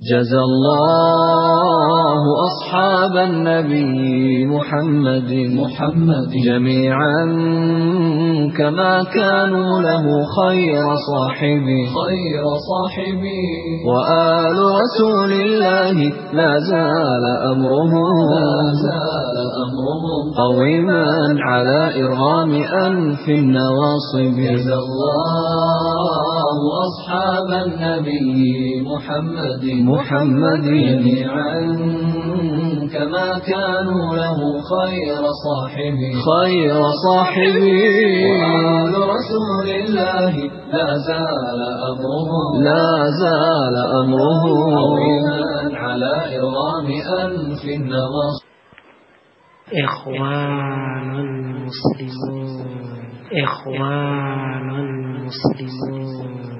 جزى الله أصحاب النبي محمد محمد جميعا كما كانوا له خير صاحبي خير صاحبي وآل رسول الله لا زال أمرهم لا زال قويما على إرغام أنف النواصب جزى الله أصحاب النبي محمد محمد جميعا كما كانوا له خير صاحبي خير صاحبي وآل رسول الله لا زال أمره لا زال أمره على إرغام أنف النظر إخوان المسلمون إخوان المسلمون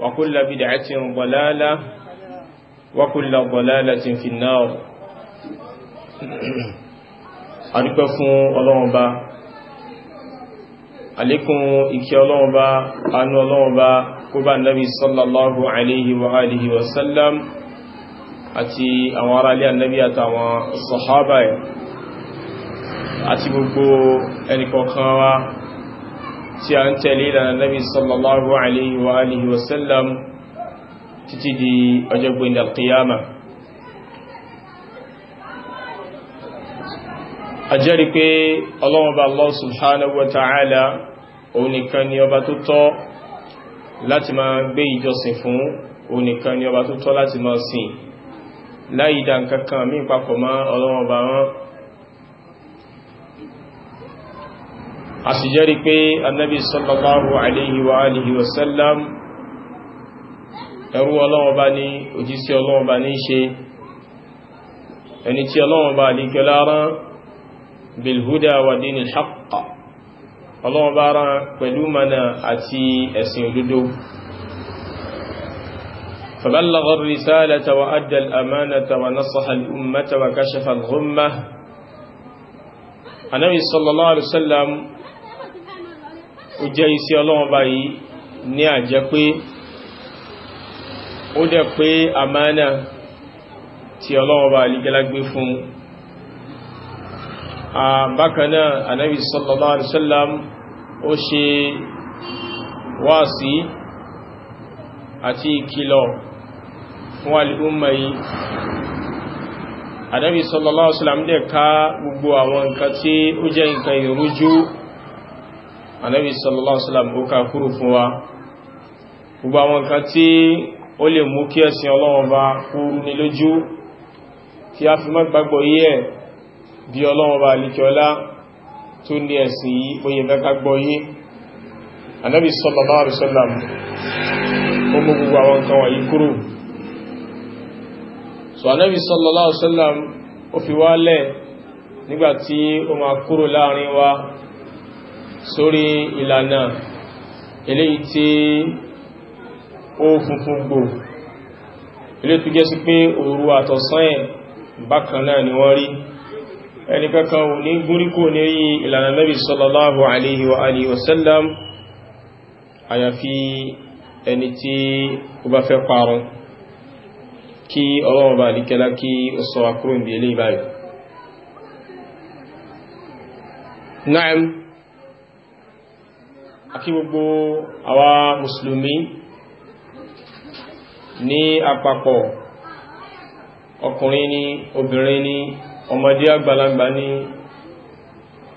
وكل بدعة ضلالة وكل ضلالة في النار adúpẹ́ fún ọlọ́run bá alékún ìkẹ́ ọlọ́run bá anú ọlọ́run bá kó bá nábi sallallahu alaihi wa alihi wa sallam àti àwọn ará alẹ́ annabi àtàwọn sahaba ẹ̀ àti gbogbo ẹnìkọ̀ọ̀kan wa tí a ń tẹ̀lé ìlànà nabi sallallahu alaihi wa alihi wasallam títí di ọjọ́ gbẹ̀ndà alqiyama a jẹ́rìí pé ọlọ́wọ́ba Allah subhanahu wa ta'ala òun nìkan ni ọba tó tọ́ láti máa gbé ìjọsìn fún òun ni ọba tó tọ́ láti máa sìn láì dá mí papọ̀ mọ́ ọlọ́wọ́ba wọn a sì jẹ́rí pé annabi sallallahu alaihi wa alihi wasallam ẹrú ọlọ́wọ́ba ní òjísí ọlọ́wọ́ba ní ṣe ẹni tí ọlọ́wọ́ba ní kẹlárán bilhuda wa dínì haqqa ọlọ́wọ́ba rán pẹ̀lú mana àti ẹ̀sìn òdodo فبلغ الرسالة وأدى الأمانة ونصح الأمة وكشف الغمة ó jẹ́ iṣẹ́ ọlọ́run bá yìí ní àjẹ́ pé ó dẹ̀ pé àmánà tí ọlọ́run bá alìgẹ́lá fún bákanáà anábi sallallahu alaihi wasallam ó ṣe wáàsí àti ìkìlọ̀ fún al'umma yìí anábi sallallahu alaihi wasallam dẹ̀ ká gbogbo àwọn nǹkan tí ó jẹ́ nǹkan ìrújú anábi sallallahu alaihi wasallam ó ká kúrò fún wa gbogbo àwọn nǹkan tí ó lè mú kí ẹ̀sìn ọlọ́run bá kúrú ní lójú kí a fi mọ́ gbàgbọ́ yí ẹ̀ bí ọlọ́run bá tó ní ẹ̀sìn yí oye mẹ́ka yí sallallahu alaihi wasallam ó mú gbogbo àwọn so anábi sallallahu alaihi wasallam ó fi wálẹ̀ nígbàtí ó ma kúrò sórí ìlànà eléyìí tí ó funfun gbò ilé tó jẹ́ sí pé òru àtọ̀sán ẹ̀ bákan náà ni wọ́n rí ẹni kankan ò ní gúríkò ní rí ìlànà Nabi sallallahu alaihi wa alihi wasallam àyàfi ẹni tí ó bá fẹ́ parun kí ọlọ́run bá kí ó sọ akúrò ní ilé ìbáyìí àkí gbogbo àwa mùsùlùmí ní àpapọ̀ ọkùnrin ni obìnrin ni ọmọdé àgbàlagbà ni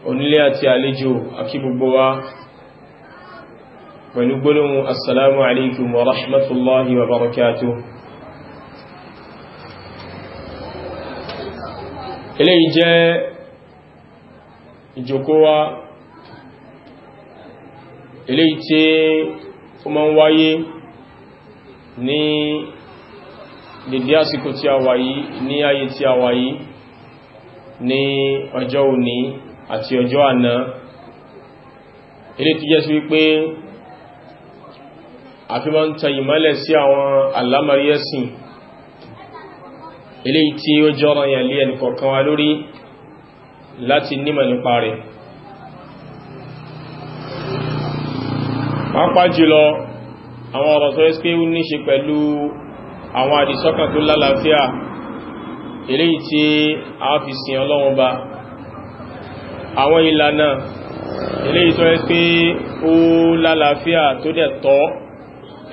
onílé àti àlejò àkí gbogbo wa pẹ̀lú gbólóhùn assalamu alaikum wa rahmatullahi wa barakatuh eléyìí jẹ́ ìjókòó wa eléyìí tí ó máa ń wáyé ní dìdí àsìkò tí a wà yìí ní ayé tí a wà yìí ní ọjọ́ òní àti ọjọ́ àná eléyìí tí jẹ́ sí wípé àfi máa ń tan ìmọ́lẹ̀ sí àwọn àlámàrí ẹ̀sìn eléyìí tí ó jọ́ranyàn lé ẹnìkọ̀ọ̀kan lórí láti nímọ̀ nípa rẹ̀ pápá jùlọ àwọn ọ̀rọ̀ tó ẹ́sì pé ó ní ṣe pẹ̀lú àwọn àdìsọ́kàn tó lálàáfíà eléyìí tí a fi sin ọlọ́run ba àwọn ìlànà eléyìí tó ẹ́sì pé ó lálàáfíà tó dẹ̀ tọ́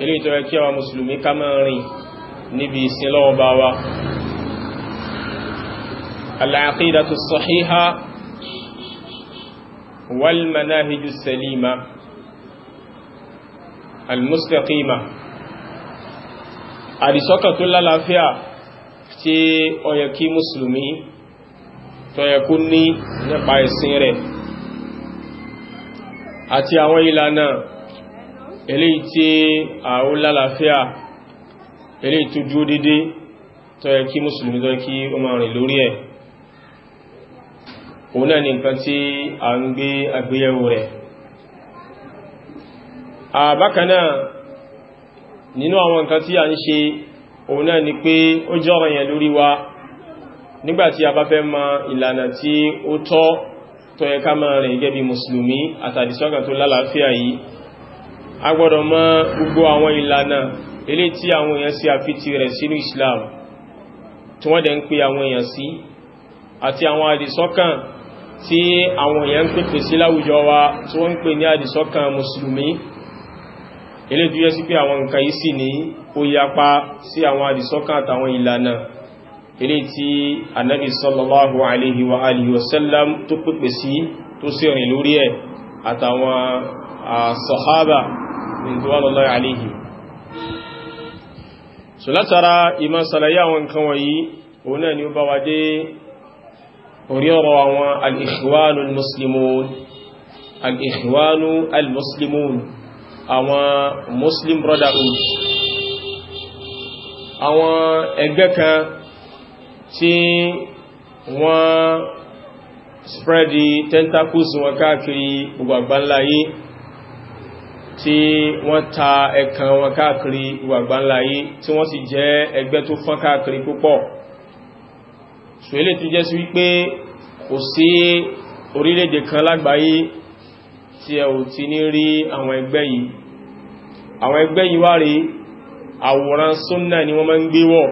eléyìí tó ẹ́ àwọn mùsùlùmí ká máa rìn níbi ìsin lọ́run ba wa al-aqidatu almustaqima àdìsọ́kàn tó lálàáfíà tí ó yẹ kí mùsùlùmí tó yẹ kó ní nípa ẹ̀sìn rẹ̀ àti àwọn ìlànà eléyìí tí àó lálàáfíà eléyìí tó dúró dédé tó yẹ kí mùsùlùmí tó yẹ kí ó máa rìn lórí ẹ̀ òun náà ni nǹkan tí a ń gbé àgbéyẹ̀wò rẹ̀ àbákanáà nínú àwọn nǹkan tí a ń ṣe òun náà ni pé ó jẹ́ ọ̀rọ̀ yẹn lórí wa nígbàtí a bá fẹ́ ma ìlànà tí ó tọ́ tó yẹ ká máa rìn gẹ́bí mùsùlùmí àtàdìsọ́kàn tó lálàáfíà yìí a gbọ́dọ̀ mọ̀ gbogbo àwọn ìlànà ilé tí àwọn èèyàn sí àfitì rẹ̀ sínú Islam tí wọ́n dẹ̀ ń pè àwọn èèyàn sí àti àwọn àdìsọ́kàn tí àwọn èèyàn ń pèpè sí láwùjọ wa tí wọ́n ń pè ní àdìsọ́kàn mùsùlùmí ilé tó yẹ sí pé àwọn nǹkan yìí sì ní ó yapa sí àwọn àdìsọ́kàn àtàwọn ìlànà ilé tí anábi sallallahu alaihi wa alihi wasallam tó pèpè sí tó sì rìn lórí ẹ̀ àtàwọn sahaba ridwanullahi alaihim so látara ìmọ̀ sàlàyé àwọn al-ikhwanul al muslimun àwọn Muslim Brotherhood àwọn ẹgbẹ́ kan tí wọ́n spreadi tentacles wọn káàkiri gbogbo àgbáńlá yìí tí wọ́n ta ẹ̀kan wọn káàkiri gbogbo àgbáńlá yìí tí wọ́n sì jẹ́ ẹgbẹ́ tó fọ́n káàkiri púpọ̀ ṣùgbọ́n tó jẹ́ sí wípé kò sí orílẹ̀-èdè kan lágbàáyé tí ẹ ò ti ní rí àwọn ẹgbẹ́ yìí àwọn ẹgbẹ́ yìí wá rí àwòrán súnnà ni wọ́n máa ń gbé wọ̀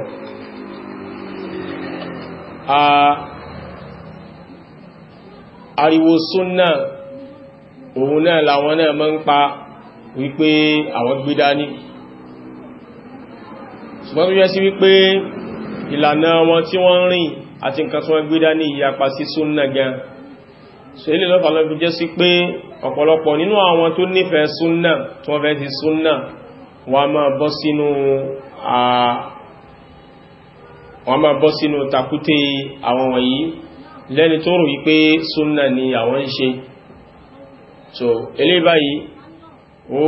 ariwo súnnà òun náà làwọn náà máa ń pa wípé àwọn gbé dání ṣùgbọ́n tó yẹ sí wípé ìlànà wọn tí wọ́n ń rìn àti nǹkan tí wọ́n gbé dání ìyapa sí súnnà gan so ilé lọ́fà lọ́fà jẹ́ sí pé ọ̀pọ̀lọpọ̀ nínú àwọn tó nífẹ̀ẹ́ súnnà tó wọ́n fẹ́ ti súnnà wọ́n máa bọ́ sínú takúté àwọn wọ̀nyí lẹ́ni tó rò wípé súnnà ni àwọn ń ṣe so ilé báyìí ó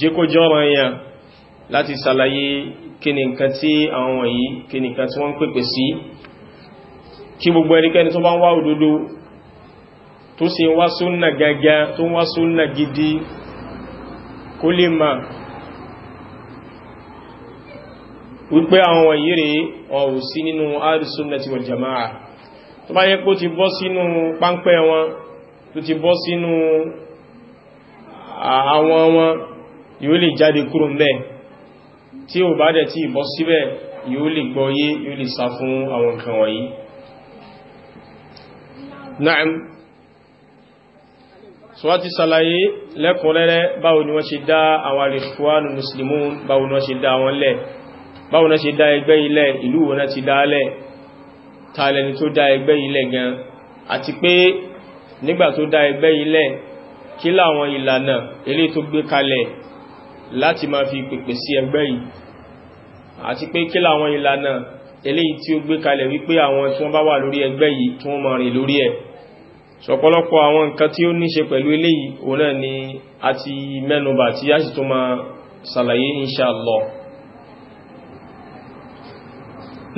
jẹ́ kó jọ́rọ̀ yàn láti sàlàyé kí ni nǹkan tí àwọn wọ̀nyí kí ni nǹkan tí wọ́n ń pèpè sí kí gbogbo ẹnikẹ́ni tó bá ń wá òdodo tó sì wá súnnà gangan tó wá súnnà gidi kó lè ma wípé àwọn wọ̀nyí rèé ọ̀rù sí nínú al-sunnati wal jama'a tó bá yẹ kó ti bọ́ sínú páńpẹ́ wọn tó ti bọ́ sínú ah, àwọn wọn yóò lè jáde kúrò mẹ́ tí ò bá dẹ̀ tí ìbọ́ síbẹ̀ yóò lè gbọ́yé yóò lè sá fún àwọn nǹkan wọ̀nyí so wọ́n ti ṣàlàyé lẹ́kùnrẹ́rẹ́ báwo ni wọ́n ṣe dá àwọn Ikhwanul Muslimun báwo ni wọ́n ṣe dá wọn lẹ̀ báwo ni wọ́n ṣe dá ẹgbẹ́ ilẹ̀ ìlú wọn ti dá lẹ̀ ta tó dá ẹgbẹ́ ilẹ̀ gan àti pé nígbà tó dá ẹgbẹ́ ilẹ̀ kí láwọn ìlànà elé tó gbé kalẹ̀ láti máa fi pèpè sí ẹgbẹ́ yìí àti pé kí láwọn ìlànà eléyìí tí ó gbé kalẹ̀ wípé àwọn tí wọ́n bá wà lórí ẹgbẹ́ yìí tí wọ́n máa rìn lórí ẹ̀ sọ̀pọ̀lọpọ̀ àwọn nǹkan tí ó ní pẹ̀lú eléyìí òun náà ni a ti mẹ́nubà tí a sì tó máa ṣàlàyé inṣàlọ́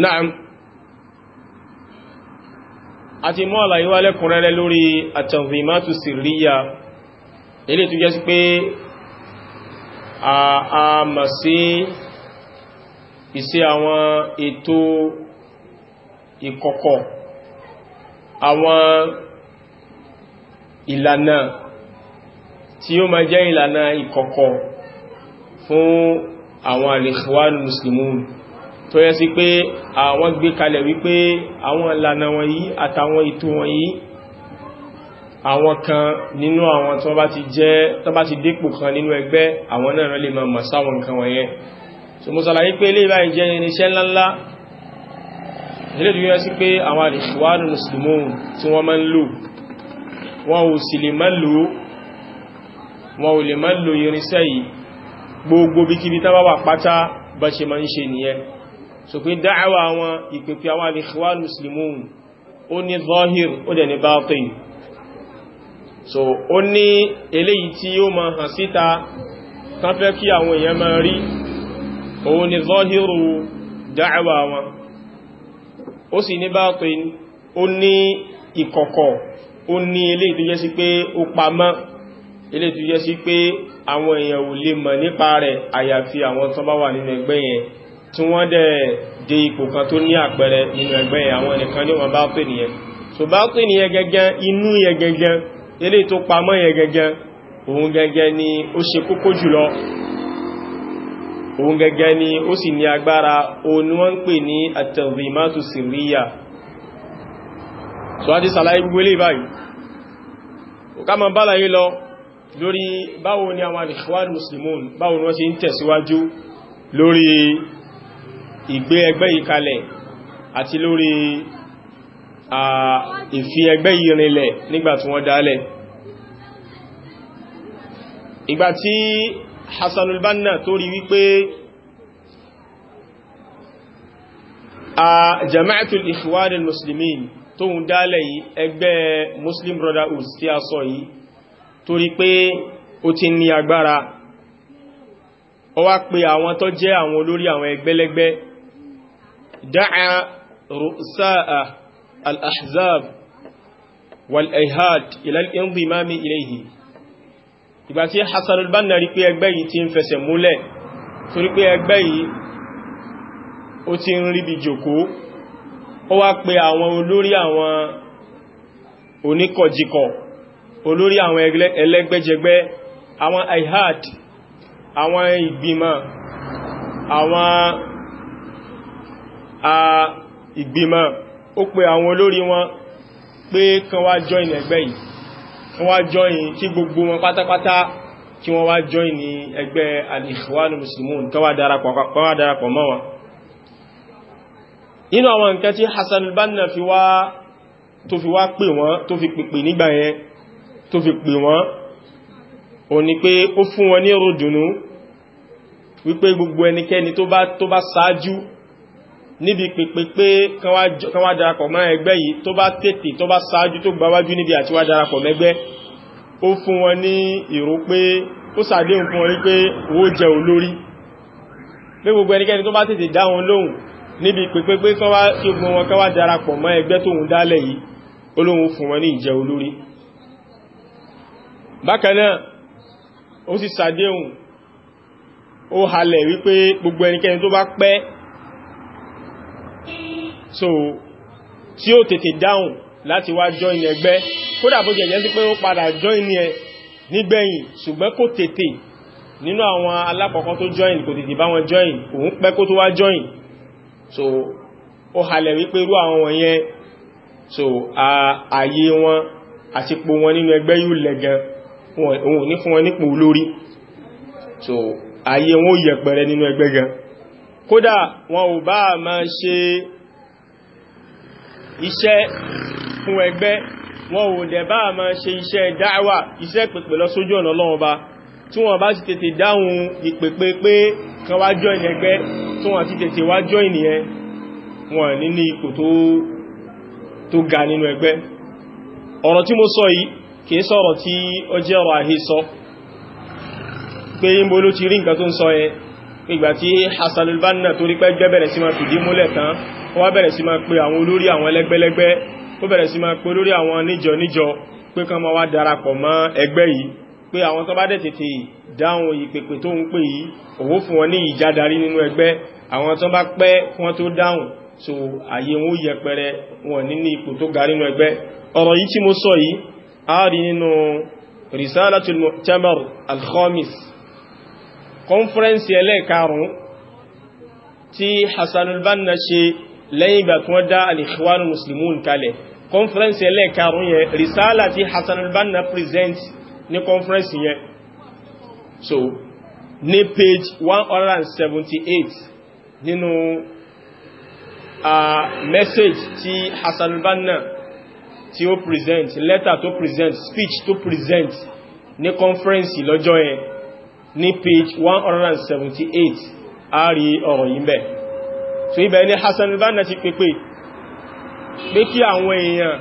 náà a ti mọ́ àlàyé wá lẹ́kùnrẹ́rẹ́ lórí àtànzìmátù sirriya ilé tó jẹ́ sí pé a mọ̀ sí iṣẹ́ àwọn ètò ìkọ̀kọ̀ àwọn ìlànà tí ó ma jẹ́ ìlànà ìkọ̀kọ̀ fún àwọn al-Ikhwan Muslimun tó yẹ sí pé àwọn gbé kalẹ̀ wípé àwọn ìlànà wọ̀nyí àtàwọn ètò wọ̀nyí àwọn kan nínú àwọn tó bá ti jẹ́ tó bá ti dépò kan nínú ẹgbẹ́ àwọn náà lè ma mọ̀ sáwọn nǹkan wọ̀nyẹn so mo sàlàyé pé ilé ìbáyìí jẹ́ irinṣẹ́ ńláńlá ilé ìdúyẹ́ sí pé àwọn al-Ikhwan Muslimun tí wọ́n máa ń lò wọn ò sì lè mẹ́lò wọn ò lè mẹ́lò irinṣẹ́ yìí gbogbo bí kíbi tán bá wà pátá bá ṣe ma ń ṣe nìyẹn so pé dáàwà wọn ìpèpè àwọn al-ikhwan ó ní zahir ó dẹ̀ ní batin so ó ní eléyìí tí ó ma hàn síta tán fẹ́ kí àwọn èèyàn máa rí òun ni zahiru dáàwà wọn ó sì ní batin ó ní ìkọ̀kọ̀ ó ní eléyìí tó jẹ́ sí pé ó pamọ́ eléyìí tó jẹ́ sí pé àwọn èèyàn ò lè mọ̀ nípa rẹ̀ àyàfi àwọn tó bá wà nínú ẹgbẹ́ yẹn tí wọ́n dẹ̀ dé ipò kan tó ní àpẹẹrẹ nínú ẹgbẹ́ yẹn àwọn nìkan ní wọn bá pè nìyẹn so bá pè nìyẹn gẹ́gẹ́ inú yẹn gẹ́gẹ́ eléyìí tó pamọ́ yẹn gẹ́gẹ́ òun gẹ́gẹ́ ni ó ṣe kókó jùlọ òun gẹ́gẹ́ ni ó sì ní agbára òun wọ́n ń pè ní àtẹ̀rìmátù sìríyà so àti sàlàyé gbogbo ilé báyìí o ká ma bálayé lọ lórí báwo ni àwọn Ikhwan Muslimun báwo ni wọ́n ṣe ń tẹ̀síwájú lórí ìgbé ẹgbẹ́ yìí kalẹ̀ àti lórí ìfi ẹgbẹ́ yìí rinlẹ̀ nígbàtí wọ́n dálẹ̀ Hassanul Banna tó rí a jama'atul Ikhwan Muslimin tóhun dálẹ̀ yìí ẹgbẹ́ Muslim Brotherhood tí a sọ yìí torí pé ó ti ní agbára ó wá pè àwọn tó jẹ́ àwọn olórí àwọn ẹgbẹ́lẹ́gbẹ́ da'a ru'sa'a al-ahzab wal-ihad ila al-inzimami ilayhi ìgbà tí Hassan al-Banna rí pé ẹgbẹ́ yìí ti ń fẹsẹ̀ múlẹ̀ torí pé ẹgbẹ́ yìí ó ti ń ríbi jòkó ó wá pe àwọn olórí àwọn oníkọ̀jikọ̀ olórí àwọn ẹlẹ́gbẹ́jẹgbẹ́ àwọn ihad àwọn ìgbìmọ̀ àwọn ìgbìmọ̀ ó pe àwọn olórí wọn pé kan wá join ẹgbẹ́ yìí kan wá join kí gbogbo wọn pátápátá kí wọ́n wá join ẹgbẹ́ al-Ikhwanul Muslimun kan wá darapọ̀ mọ́ wọn nínú àwọn nǹkan tí Hassan al-Banna fi wá tó fi wá pè wọ́n tó fi pèpè nígbà yẹn tó fi pè wọ́n ó ní pé ó fún wọn ní ròdùnú wípé gbogbo ẹnikẹ́ni tó bá tó bá ṣáájú níbi pèpè pé kan wá darapọ̀ mọ́ ẹgbẹ́ yìí tó bá tètè tó bá ṣáájú tó gbáwájú níbi àti wá darapọ̀ mẹ́gbẹ́ ó fún wọn ní ìró pé ó ṣàdéhùn fún wọn wípé owó jẹ olórí pé gbogbo ẹnikẹ́ni tó bá tètè dá wọn lóhùn níbi pẹ̀pẹ́pẹ́ kí ogun wọn káwà darapọ̀ mọ́ ẹgbẹ́ tóhun dálẹ̀ yìí olóhun fún wọn ní ìjẹ olórí bákanáà ó sì sàdéhùn ó halẹ̀ wípé gbogbo ẹnikẹ́ni tó bá pẹ́ so tí ó tètè dáhùn láti wá join ẹgbẹ́ kódà bó jẹ̀jẹ́ sí pé ó padà join ẹ nígbẹ̀yìn ṣùgbọ́n kò tètè nínú àwọn alákọ̀ọ́kọ́ tó join kò tètè bá wọn join òun pẹ́ kó tó wá join so ó halẹ̀ wípé irú àwọn wọ̀nyẹn so ààyè wọn àti pò wọn nínú ẹgbẹ́ yóò lẹ́gan òun ní fún wọn nípò olórí so ààyè wọn ò yẹpẹrẹ nínú ẹgbẹ́ gan kódà wọn ò bá máa ṣe iṣẹ́ fún ẹgbẹ́ wọn ò dẹ̀ bá máa ṣe iṣẹ́ dáwà iṣẹ́ pèpè lọ sójú ọ̀nà Ọlọ́run ba tí wọ́n bá sì tètè dáhùn ìpèpè pé kan wá join ẹgbẹ́ tó wọ́n ti tètè wá join yẹn wọ́n ní ní ipò tó ga nínú ẹgbẹ́ ọ̀rọ̀ tí mo sọ yìí kìí sọ̀rọ̀ tí ó jẹ́ ọ̀rọ̀ àhí sọ pé ìbò ló ti rí nǹkan tó ń sọ ẹ ìgbà tí Hassan al-Banna torí pé ẹgbẹ́ bẹ̀rẹ̀ sí máa fìdí múlẹ̀ tán wọ́n bẹ̀rẹ̀ sí máa pe àwọn olórí àwọn ẹlẹ́gbẹ́lẹ́gbẹ́ ó bẹ̀rẹ̀ sí máa pe olórí àwọn níjọ níjọ pé kán máa wá darapọ̀ mọ́ ẹgbẹ́ yìí pé àwọn tó bá dẹ̀ tètè dáhùn ìpèpè tó ń pè yìí òwò fún wọn ní ìjádarí nínú ẹgbẹ́ àwọn tó bá pẹ́ kí wọ́n tó dáhùn so àyè wọn yẹpẹrẹ wọn nínú ipò tó ga nínú ẹgbẹ́ ọ̀rọ̀ yìí tí mo sọ yìí a rí nínú Hassan al-Banna ṣe lẹ́yìn ìgbà tí wọ́n muslimun kalẹ̀ kọ́nfẹ́rẹ́nsì ẹlẹ́ẹ̀karùn-ún risala tí Hassan al-Banna present ní conference yẹn so ní page one hundred and seventy 178 nínú a message tí Hassan al-Banna tí ó present letter to present speech to present ní conference lọ́jọ́ yẹn ní page one hundred 178 a rí ọ̀rọ̀ yìí bẹ̀ so ibẹ̀ ni Hassan al-Banna ti pépè pé kí àwọn èèyàn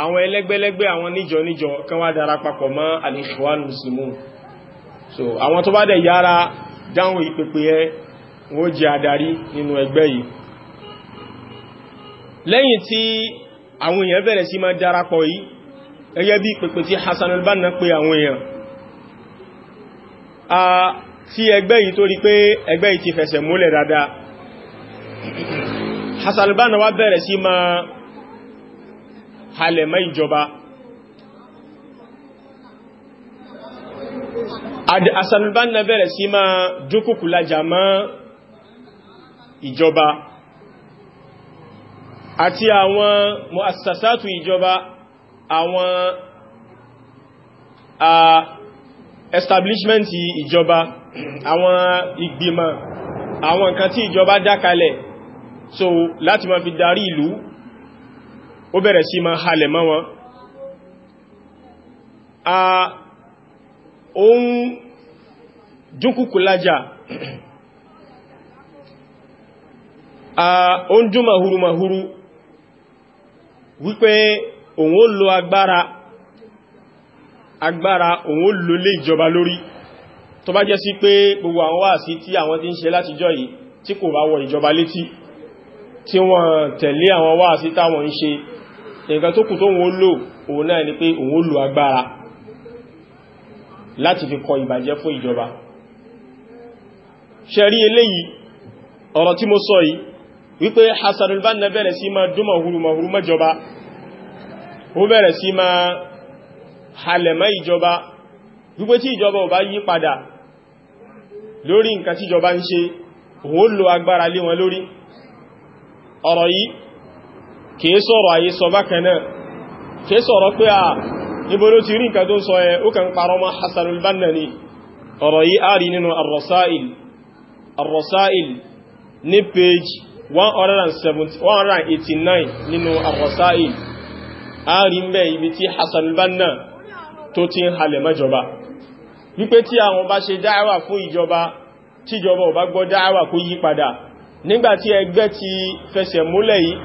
àwọn ẹlẹ́gbẹ́lẹ́gbẹ́ àwọn níjọ níjọ kan wá dára papọ̀ mọ́ al-Ikhwan Muslimun so àwọn tó bá dẹ̀ yára dáhùn ìpèpè ẹ wọ́n jẹ́ adarí nínú ẹgbẹ́ yìí lẹ́yìn tí àwọn èèyàn bẹ̀rẹ̀ sí máa darapọ̀ yìí gẹ́gẹ́ bí ìpèpè tí Hassan al-Banna pé àwọn èèyàn a tí ẹgbẹ́ yìí tó rí pé ẹgbẹ́ yìí ti fẹsẹ̀ múlẹ̀ dáadáa Hassan al-Banna wá bẹ̀rẹ̀ sí máa halẹ̀ mọ́ ìjọba asanubánà bẹ̀rẹ̀ sí máa dúkùkù lájà mọ́ ìjọba àti àwọn muassasatu ìjọba àwọn establishment ìjọba àwọn ìgbìmọ̀ àwọn nǹkan tí ìjọba dákalẹ̀ so láti máa fi darí ìlú ó bẹ̀rẹ̀ sí máa halẹ̀ mọ́ wọn a ohun dúnkùkù lájá a ohun dún mahuru mahuru wípé òun ó lo agbára agbára òun ó lo lé ìjọba lórí tó bá jẹ́ sí pé gbogbo àwọn wáàsí tí àwọn ti ń ṣe látijọ́ yìí tí kò bá wọ ìjọba létí tí wọ́n tẹ̀lé àwọn wáàsí táwọn ń ṣe nǹkan tó kù tó wọ́n lò òun náà ni pé òun lò agbára láti fi kọ ìbàjẹ́ fún ìjọba ṣẹ̀rí eléyìí ọ̀rọ̀ tí mo sọ yìí wípé Hassanul Banna bẹ̀rẹ̀ sí máa dún mahuru mahuru mẹ́jọba ó bẹ̀rẹ̀ sí máa halẹ̀mọ́ ìjọba wípé tí ìjọba ò bá yí padà lórí nǹkan tíjọba ń ṣe òun lò agbára lé wọn lórí ọ̀rọ̀ yìí kìí sọ̀rọ̀ ayé sọ bákanáà kìí sọ̀rọ̀ pé à níbo ló ti rí nǹkan tó sọ ẹ ó kàn parọ́ mọ́ Hassan banna ni ọ̀rọ̀ yìí a nínú ar ní page 189 nínú ar-Rasail a rí mẹ́ ibi tí Hassan al-Banna tó ti ń halẹ̀ mẹ́jọba wípé tí àwọn bá ṣe dáwà fún ìjọba tíjọba ò bá gbọ́ dáwà kó yí padà nígbàtí ẹgbẹ́ ti fẹsẹ̀ múlẹ̀ yìí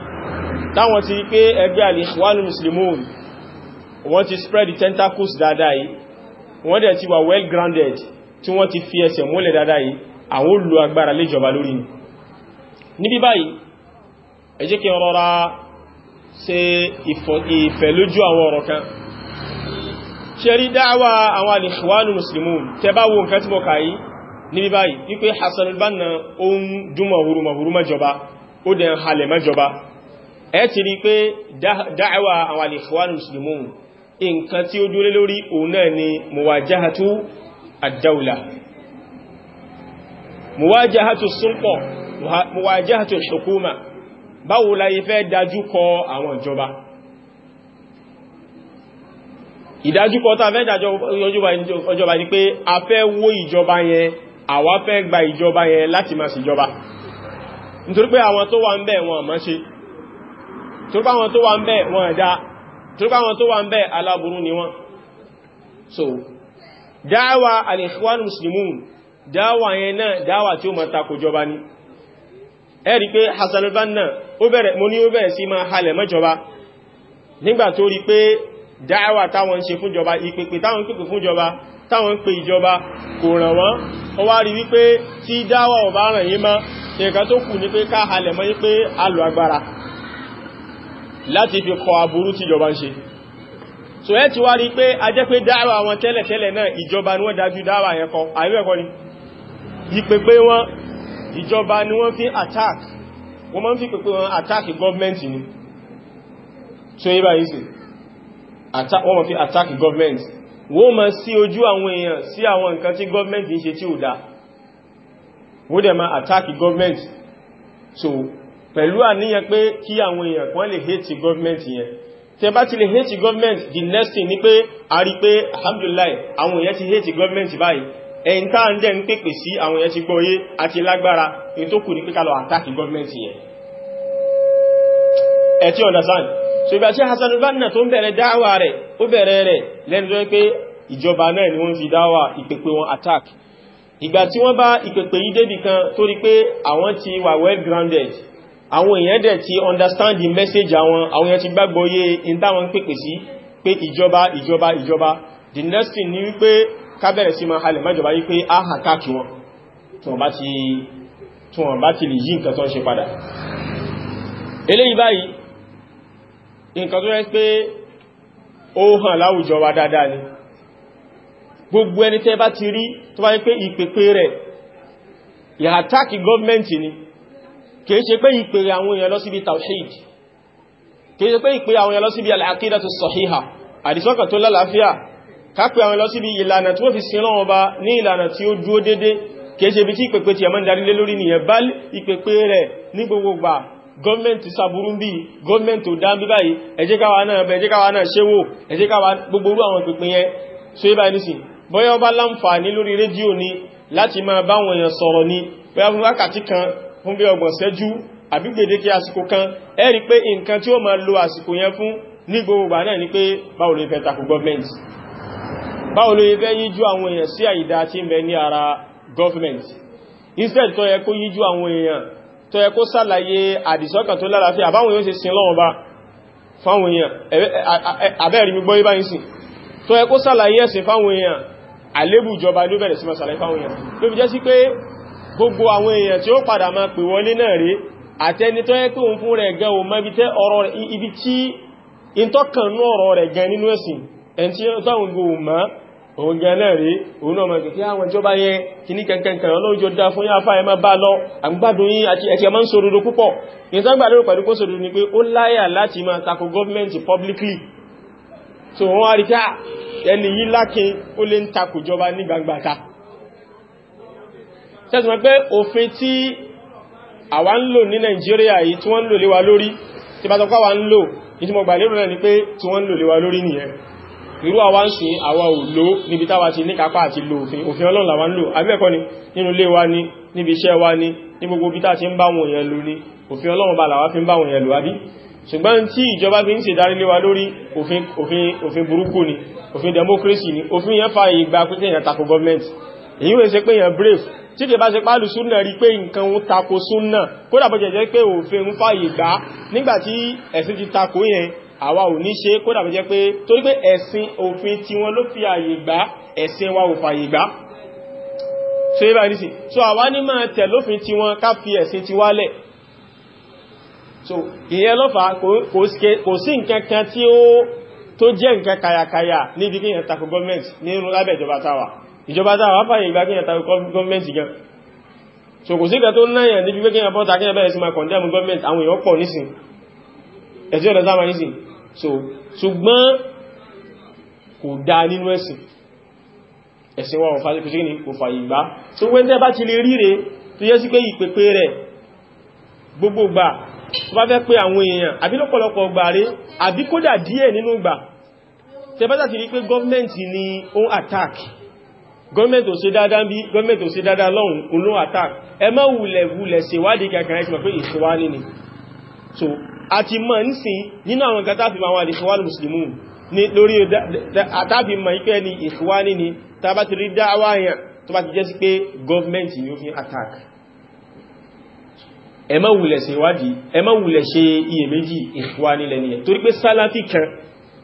táwọn ti rí pé ẹgbẹ́ al-Ikhwanul wọ́n ti spread the tentacles dáadáa yìí wọ́n dẹ̀ ti wà well grounded tí wọ́n ti fi ẹsẹ̀ múlẹ̀ dáadáa yìí àwọn olù agbára léjọba lórí ni níbi báyìí ẹ jẹ́ kí n rọra ṣe ìfẹ̀ lójú àwọn ọ̀rọ̀ kan ṣe rí dáwà àwọn al-Ikhwanul Muslimun tẹ bá wo nǹkan tí mo kà níbi báyìí wípé Hassan al-Banna ó ń dún mọ̀húrú mọ̀húrú ó dẹ̀ ń halẹ̀ mẹ́jọba ẹ ti rí pé dáẹwà àwọn al-ikhwan al-muslimun nǹkan tí ó dúró lórí òun náà ni muwajahatu ad-dawla muwajahatu sulta muwajahatu hukuma báwo la ifẹ́ dájúkọ àwọn ìjọba ìdájúkọ tá fẹ́ dájọba ni pé a fẹ́ wó ìjọba yẹn àwa fẹ́ gba ìjọba yẹn láti máa ṣèjọba nítorí pé àwọn tó wà ń bẹ̀ wọn àmọ́ ṣe torípa wọn tó wà ń bẹ́ wọn ẹ̀dá torípa wọn tó wà ń bẹ́ aláburú ni wọn so dáwà al-ikhwan muslimun dáwà yẹn náà dáwà tí ó ma ta kòjọba ni ẹ̀rí pé Hassan al-Banna mo ní ó bẹ̀rẹ̀ sí ma halẹ̀ mọ́jọba nígbà tó rí pé dáwà táwọn ń ṣe fúnjọba ìpèpè táwọn ń pèpè fúnjọba táwọn pè ìjọba kò ràn wọ́n ó wá rí wípé tí dáwà ọ̀bá ràn yí mọ́ nǹkan tó kù ní pé ká halẹ̀ mọ́ yí pé a lo agbára láti fi kọ aburú tí ìjọba ń ṣe so ẹ ti wá rí pé a jẹ́ pé dáwà àwọn tẹ́lẹ̀tẹ́lẹ̀ náà ìjọba ni wọ́n dájú dáwà yẹn kọ àríwẹ̀kọ́ ni ìpèpè wọn ìjọba ni wọ́n fi attack wọ́n máa ń fi pèpè wọn attack government ni so yíba yìí sí wọ́n máa fi attack government wọ́n máa sí ojú àwọn èèyàn sí àwọn nǹkan tí government ń ṣe tí ò dá wọ́n dẹ̀ máa attack government so pẹ̀lú àníyàn pé kí àwọn èèyàn kan lè hate government yẹn tẹ bá ti lè hate government the next thing ni pé a rí pé alhamdulillah àwọn èèyàn ti hate government báyìí ẹ̀yìn tá à ń jẹ́ ń pèpè sí àwọn èèyàn ti gbọ́ yé àti lágbára èyí tó kù ní pé ká government yẹn ẹ̀ tí understand so ìgbà tí Hassan al-Banna tó ń bẹ̀rẹ̀ dáwà rẹ̀ ó bẹ̀rẹ̀ rẹ̀ lẹ́nu tó pé ìjọba náà ni wọ́n fi dáwà ìpèpè wọn attack ìgbà tí wọ́n bá ìpèpè yìí débì kan torí pé àwọn ti wà well grounded àwọn èèyàn dẹ̀ ti understand the message àwọn àwọn èèyàn ti gbàgbọ́ yé in táwọn pèpè sí pé ìjọba ìjọba ìjọba the next thing ni wípé kábẹ̀rẹ̀ sí máa halẹ̀ májọba wípé a hà káàkì wọn tí wọ́n bá ti lè yí nǹkan tó ń ṣe padà eléyìí báyìí nǹkan tó rẹ́ pé ó hàn láwùjọ wa ni kìí ṣe pé ìpèrè àwọn èèyàn lọ síbi tawhid kìí ṣe pé ìpèrè àwọn èèyàn lọ síbi al-aqidatu sahiha àdìsọ́kàn tó lálàáfíà kápẹ́ àwọn lọ síbi ìlànà tí wọ́n fi sin lọ́wọ́ bá ní ìlànà tí ó dúó dédé kìí ṣe bí tí ìpèpè tí ẹmọ́ ń darí lé lórí nìyẹn bá ìpèpè rẹ̀ ní gbogbogbà gọ́ọ̀mẹ́ntì sàbúrú bí gọ́ọ̀mẹ́ntì ò dá bí báyìí ẹ jẹ́ káwa náà bẹ ẹ jẹ́ káwa náà ṣe wò ẹ jẹ́ káwa gbogbo orú fún bí ọgbọ̀n ṣẹ́jú àbí gbèdéke àsìkò kan ẹ rí pé nǹkan tí ó máa lo àsìkò yẹn fún ní gbogbogbà náà ni pé báwo ló fẹ́ takò gọ́ọ̀mẹ́ntì báwo ló fẹ́ yíjú àwọn èèyàn sí àìdá tí ń ní ara gọ́ọ̀mẹ́ntì instead tó yẹ kó yíjú àwọn èèyàn tó yẹ kó sàlàyé àdìsọ́kàn tó lálàáfíà àbáwọn yóò ṣe sin lọ́wọ́ bá fáwọn èèyàn àbẹ́ẹ̀rí mi gbọ́ yí báyìí sí tó yẹ kó ìjọba ló bẹ̀rẹ̀ sí máa fáwọn èèyàn ló fi jẹ́ sí pé gbogbo àwọn èèyàn tí ó padà máa pè wọlé náà rí àtẹni tó yẹ pé òun fún rẹ̀ gan o mọ́ ibi tẹ́ ọ̀rọ̀ rẹ̀ ibi tí ìtọ́kànnú ọ̀rọ̀ rẹ̀ gan nínú ẹ̀sìn ẹni tí ó táwọn gbogbo mọ́ òun gan náà rí òun náà publicly so wọ́n wá rí ká ah, ẹni yí lákin ó lè ń tako ìjọba ní gbangbata sẹ́sùn pé òfin tí àwa ń lò ní Nàìjíríà yìí tí wọ́n ń lò léwa lórí tí bá tọ́pá wa ń lò ìtí mọ̀ gbàlérò náà ni pé tí wọ́n ń lò léwa lórí nìyẹn irú àwa ń sìn àwa ò níbi táwa ti ni nínú ilé ni níbi iṣẹ́ wa ni ní gbogbo bí táà ti ń bá wọn èèyàn lò ni òfin Ọlọ́run bá làwa fi ń bá wọn lò àbí ṣe darí ni òfin democracy ni òfin yẹn fa ìgbà pé kéèyàn brave tí kì bá ṣe pálù súnà rí pé nǹkan ń tako súnà kódà bó jẹ́ pé òfin ń fàyè gbà nígbàtí ẹ̀sìn ti tako yẹn àwa ò ní ṣe kódà bó jẹ́ pé torí pé ẹ̀sìn òfin tí wọ́n ló fi àyè gbà ẹ̀sìn wa ò fàyè gbà so yíba ní sí so àwa ní máa tẹ̀ lófin tí wọ́n ká fi ẹ̀sìn ti wálẹ̀ so ìyẹn lọ́fà kò sí nǹkan kan tí ó tó jẹ́ nǹkan kàyàkàyà níbi kíyàn tako gọ́ọ̀mẹ́ntì nínú lábẹ́ ìjọba táwa ìjọba táwà fàyè ìgbà kíyàn tàbí gọ́ọ̀mẹ́ntì gan so kò sí ìgbà tó náyàn níbi pé kíyàn bọ́ta kíyàn bẹ̀rẹ̀ sí ma kọ̀ndẹ́mù gọ́ọ̀mẹ́ntì àwọn èèyàn pọ̀ nísìn ẹ̀tí ọ̀dọ̀ sáwà nísìn so ṣùgbọ́n kò dá nínú ẹ̀sìn ẹ̀sìn wọn fàyè kò sí ní so wẹ́ntẹ́ bá ti lè ríre tó yẹ sí pé ìpèpè rẹ̀ gbogbo gbà tó bá fẹ́ pé àwọn èèyàn àbí lọ́pọ̀lọpọ̀ gbà rí àbí kódà díẹ̀ ni ó attack gọ́ọ̀mẹ̀tì ò ṣe dáadáa bí gọ́ọ̀mẹ̀tì ò ṣe dáadáa lọ́hùn olóhùn attack ẹ má wulẹ̀ wulẹ̀ ṣèwádìí kankan ẹ̀sìn pé ìṣèwádì ni so a ti mọ̀ ń sìn nínú àwọn nǹkan táàfin àwọn àdìsíwálì mùsùlùmù ní lórí àtàfin mọ̀ ipẹ́ ni ìṣèwádì ni tá a bá ti rí dáwà yẹn tó bá ti jẹ́ sí attack ẹ má wulẹ̀ ṣèwádìí ẹ má wulẹ̀ ṣe iyèméjì ìṣèwádì lẹ́ni ẹ̀ torí pé sálàfì kan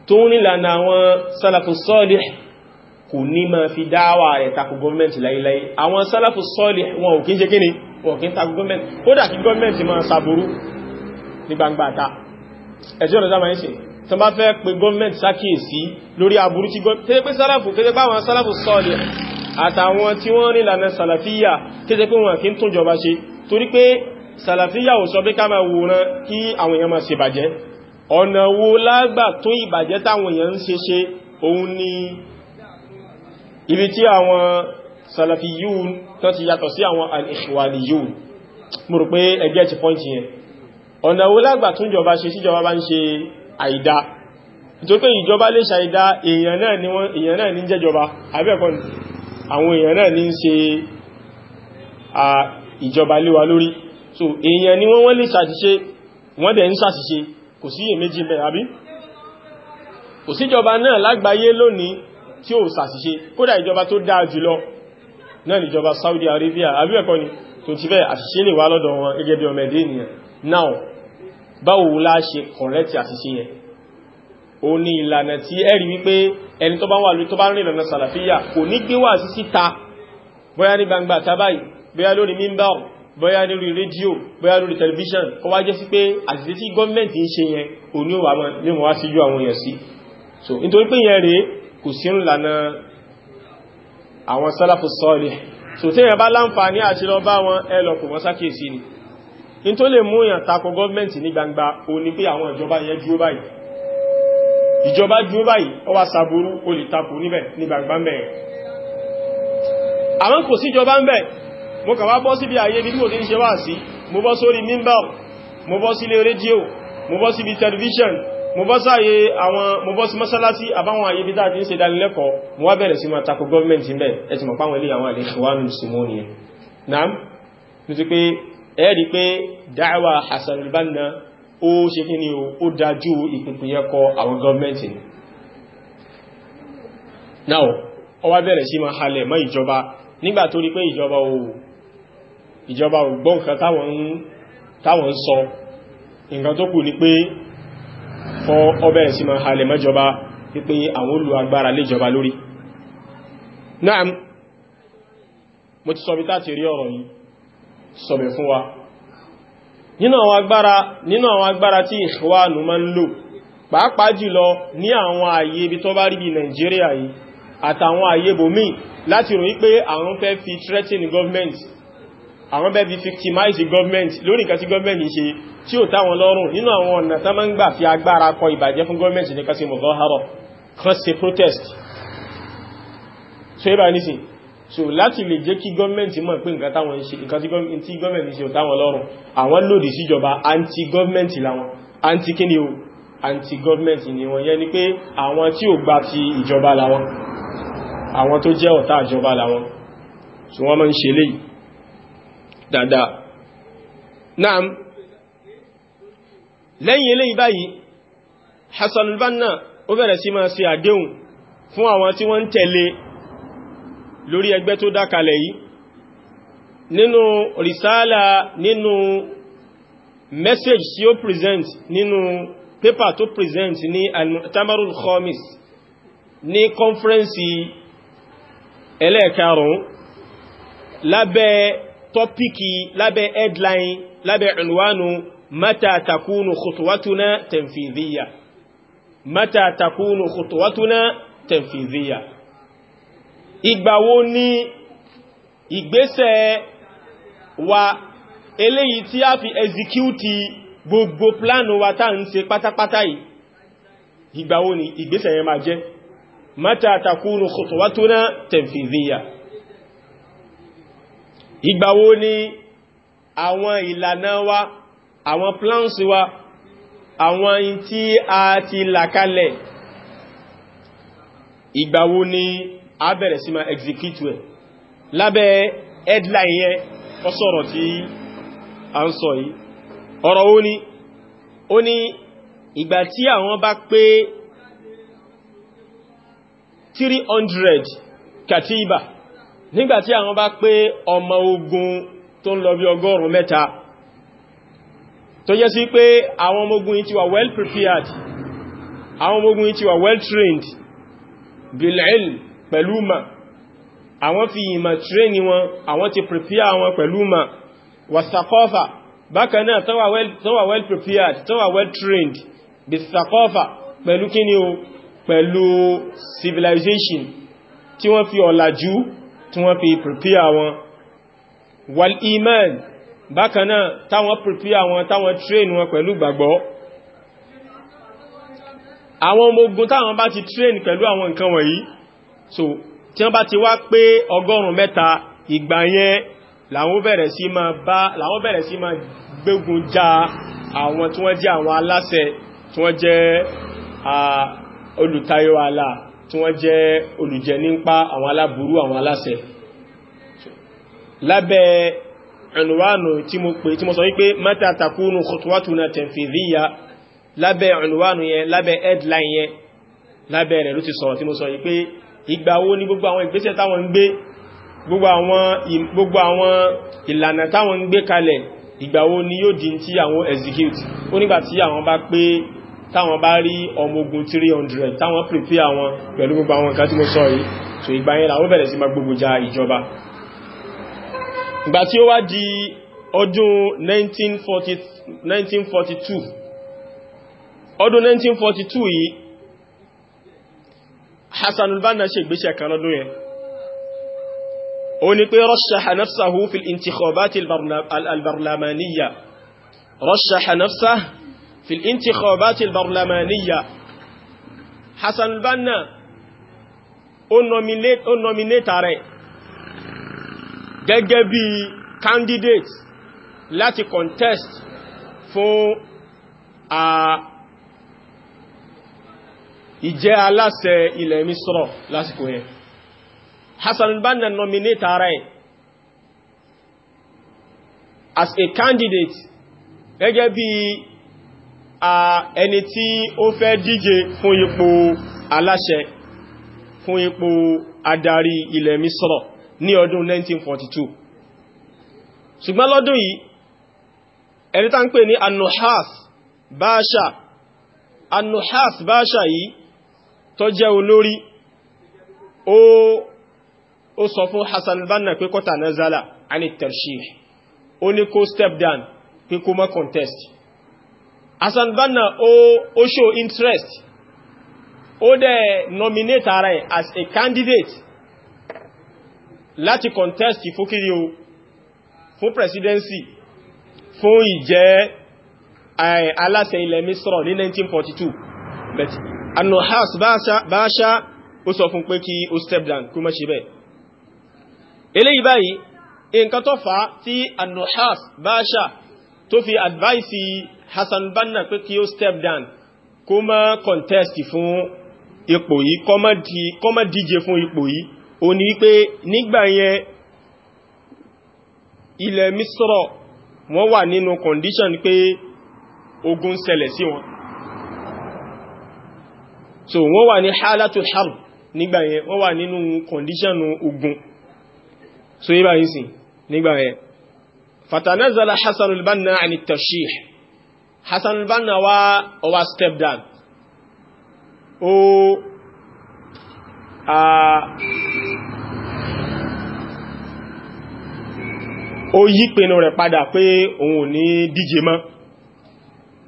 tó ń nílànà kò ní ma fi dáwà rẹ̀ takò gọ́ọ̀mẹ́ntì láíláí àwọn sálàfù sọ́ọ̀lì wọn ò kí ń ṣe kí ni wọn kí ń takò gọ́ọ̀mẹ́ntì kódà kí gọ́ọ̀mẹ́ntì máa sàbúrú ní gbangba ta ẹ̀sí ọ̀nà sáma ẹ̀sìn tó bá fẹ́ pé gọ́ọ̀mẹ́ntì sákìyèsí lórí aburú tí gọ́ọ̀mẹ́ntì ọ̀nà wo lágbà tó ìbàjẹ́ táwọn èèyàn ń ṣe ṣe òun ni ibi tí àwọn salafiyun tó ti yàtọ̀ sí àwọn al-ikhwaniyun mo rò pé ẹgbẹ́ ti pọ́ǹtì yẹn ọ̀nà wo lágbà tún jọba ṣe síjọba bá ń ṣe àìdá nítorí pé ìjọba lè ṣàìdá èèyàn náà ni wọ́n èèyàn náà ní jẹ́jọba àbẹ́ẹ̀kọ́ àwọn èèyàn náà ní ń ṣe ìjọba lé ni wọ́n wọ́n lè tí ó ṣàṣìṣe kódà ìjọba tó dáa jùlọ náà níjọba Saudi Arabia àbí ẹ̀kọ́ ni tó ti bẹ́ẹ̀ àṣìṣe lè wá lọ́dọ̀ wọn gẹ́gẹ́ bí ọmọ ẹ̀dẹ́ ènìyàn now báwo la ṣe kọ̀rẹ́tì àṣìṣe yẹn ó ní ìlànà tí ẹ̀rí wípé ẹni tó bá wà lórí tó bá rìn lọ́nà sàlàfíà kò ní gbé wà sí síta bóyá ní gbangba tábàyì bóyá lórí mímbà bóyá lórí rédíò bóyá lórí tẹlifíṣàn kó wá jẹ́ sí pé àṣìṣe tí gọ́ọ̀mẹ̀ntì ń ṣe yẹn òní ò wà mọ́ ní wọ́n wá síjú àwọn èèyàn sí so nítorí pé yẹn rèé kò sí ń lànà àwọn sálàfù sọ́ọ̀lì so tí èyàn bá láǹfààní àti lọ bá wọn ẹlọ́pù wọn sákèsí ni in tó lè mú èyàn takọ gọ́ọ̀mẹ́ntì ní gbangba o ní pé àwọn ìjọba yẹn dúró báyìí ìjọba dúró báyìí ó wá sàbúrú o lè takò níbẹ̀ ní gbangba mẹ́rin mo bọ́ sáyé àwọn mo bọ́ sí mọ́sálásí àbáwọn àyè bídá àti ń ṣe ìdánilẹ́kọ̀ọ́ mo wá bẹ̀rẹ̀ sí máa tako gọ́ọ̀mẹ́ntì ń bẹ̀ ẹ ti mọ̀ páwọn ilé àwọn àlejò wà nù sí mọ́ni ẹ̀ náà ní ti pé ẹ rí pé dáwà Hasan al-Banna ó nǹkan tó kù ni pé fún ọbẹ̀ sí ma halẹ̀ mẹ́jọba wípé àwọn olù agbára léjọba lórí náà mo ti sọbi táti rí ọ̀rọ̀ yìí sọbẹ̀ fún wa nínú àwọn agbára nínú àwọn agbára tí ìṣòwánù ma ń lò pàápàá jùlọ ní àwọn àyè ibi tó bá rí bí Nàìjíríà yìí àtàwọn àyè bòmí láti rò wípé àwọn fẹ́ fi threatening government àwọn bẹ́ẹ̀ bí victimize government lórí nǹkan tí government ṣe tí ó táwọn lọ́rùn nínú àwọn ọ̀nà tán máa ń gbà fi agbára kọ ìbàjẹ́ fún government ní kan ṣe mọ̀gọ́hárọ̀ kan ṣe protest so ibà nísìn so láti lè jẹ́ kí government mọ̀ pé nǹkan tí government ṣe ó táwọn lọ́rùn àwọn lòdì síjọba anti-government làwọn anti-kíni o anti-government ni wọ́n yẹ́ ni pé àwọn tí ò gbà ti ìjọba làwọn àwọn tó jẹ́ ọ̀tá ìjọba làwọn so wọ́n máa ń ṣe léyìí dáadáa náà lẹ́yìn eléyìí báyìí Hassan al-Banna ó bẹ̀rẹ̀ sí máa ṣe àdéhùn fún àwọn tí wọ́n ń tẹ̀lé lórí ẹgbẹ́ tó dákalẹ̀ yìí nínú risala nínú message tí ó present nínú paper tó present ní al-Mu'tamarul Khamis ní kọ́nfẹ́rẹ́nsì ẹlẹ́ẹ̀karùn-ún lábẹ́ tọ́píkì lábẹ́ headline lábẹ́ ìlúwánu mata takunu khutuwatuna tanfidhiya mata takunu khutuwatuna tanfidhiya ìgbà wo ni ìgbésẹ̀ wa eléyìí tí a fi execute gbogbo plánù wa tá ń ṣe pátápátá yìí ìgbà wo ni ìgbésẹ̀ yẹn máa jẹ́ mata takunu khutuwatuna tanfidhiya ìgbà wo ni àwọn ìlànà wa àwọn plans wa àwọn in tí a ti làkalẹ̀ ìgbà wo ni a bẹ̀rẹ̀ sí ma execute ẹ̀ lábẹ́ headline yẹn ó sọ̀rọ̀ tí a ń sọ yìí ọ̀rọ̀ ó ní ó ní ìgbà tí àwọn bá pé 300 katiba nígbàtí àwọn bá pé ọmọ ogun tó ń lọ bí ọgọ́rùn mẹ́ta tó jẹ́ sí pé àwọn ọmọ ogun yìí ti wà well prepared àwọn ọmọ ogun yìí ti wà well trained bilal pẹ̀lú ma àwọn fi ìmọ̀ train wọn àwọn ti prepare wọn pẹ̀lú ma wasakọ́fà bákan náà well prepared tó wà well trained bisakọ́fà pẹ̀lú kíni o pẹ̀lú civilization tí wọ́n fi ọ̀làjú tí wọ́n fi prepare àwọn wal iman bákanáà táwọn prepare àwọn táwọn train wọn pẹ̀lú gbàgbọ́ àwọn ọmọ ogun táwọn bá ti train pẹ̀lú àwọn nǹkan wọ̀nyí so tí wọ́n bá ti wá pé ọgọ́rùn mẹ́ta ìgbà yẹn làwọn bẹ̀rẹ̀ sí máa bá làwọn já àwọn tí wọ́n jẹ́ àwọn aláṣẹ tí wọ́n jẹ́ olùtayọ àlà tí wọ́n jẹ́ olùjẹ nípa àwọn aláburú àwọn aláṣẹ lábẹ́ ẹnuwánu tí mo pè tí mo sọ wípé mata takunu khutuwatuna tanfidhiya lábẹ́ ẹnuwánu yẹn lábẹ́ headline yẹn lábẹ́ rẹ̀ ló ti sọ̀rọ̀ tí mo sọ wípé ìgbà wo ni gbogbo àwọn ìgbésẹ̀ táwọn ń gbé gbogbo àwọn ìlànà táwọn ń gbé kalẹ̀ ìgbà wo ni yóò di tí àwọn execute ó nígbà tí àwọn bá pé táwọn bá rí ọmọ ogun 300 táwọn prepare àwọn pẹ̀lú gbogbo àwọn nǹkan tí mo sọ yìí so ìgbà yẹn làwọn bẹ̀rẹ̀ sí máa gbógun ja ìjọba ìgbà tí ó wá di ọdún 1942 ọdún 1942 yìí Hassan al-Banna ṣe ìgbésẹ̀ kan lọ́dún yẹn ó ní pé rọ́ṣàhà nafsahu fil intikhabati al-barlamaniya rọ́ṣàhà nafsahu في الانتخابات البرلمانية حسن al-Banna ó nominate ó nominate candidate láti contest fún a ìjẹ́ aláṣẹ ilẹ̀ Misro lásìkò yẹn Hassan al-Banna nominate rẹ̀ as a candidate gẹ́gẹ́ ẹni tí ó fẹ́ díje fún ipò aláṣẹ fún ipò adarí ilẹ̀ Misrọ̀ ní ọdún 1942 ṣùgbọ́n lọ́dún yìí ẹni tá ń pè ní Anuhas Basha Anuhas Basha yìí tó jẹ́ olórí ó ó sọ fún Hassan al-Banna pé kó tanazala àni tarshih ó ní kó step down pé kó má contest Hassan Banna ó show interest ó de nominate ara ẹ̀ as a candidate láti contest fókiri o fún presidency fún ìjẹ́ eh, aláṣẹ ilẹ̀ misro ní 1942 but Annohas Basha ó sọ fún pé kí ó step down kú mọ́ ṣe bẹ́ẹ̀ eléyìí báyìí nǹkan tó fà á tí Annohas Basha tó fi advice Hassan Banna pé kí ó step down kó má contest fún ipò yìí kó má díje fún ipò yìí ó ní wípé nígbà yẹn ilẹ̀ Misro wọ́n wà nínú condition pé ogun ṣẹlẹ̀ sí wọn so wọ́n wà ní halatu harb nígbà yẹn wọ́n wà nínú condition ogun so yíba yìí sí nígbà yẹn fatanazala Hassan al-Banna àni tashih Hassan al-Banna wa ó wá o down ó a ó yí pinnu rẹ̀ padà pé òun ò ní díje mọ́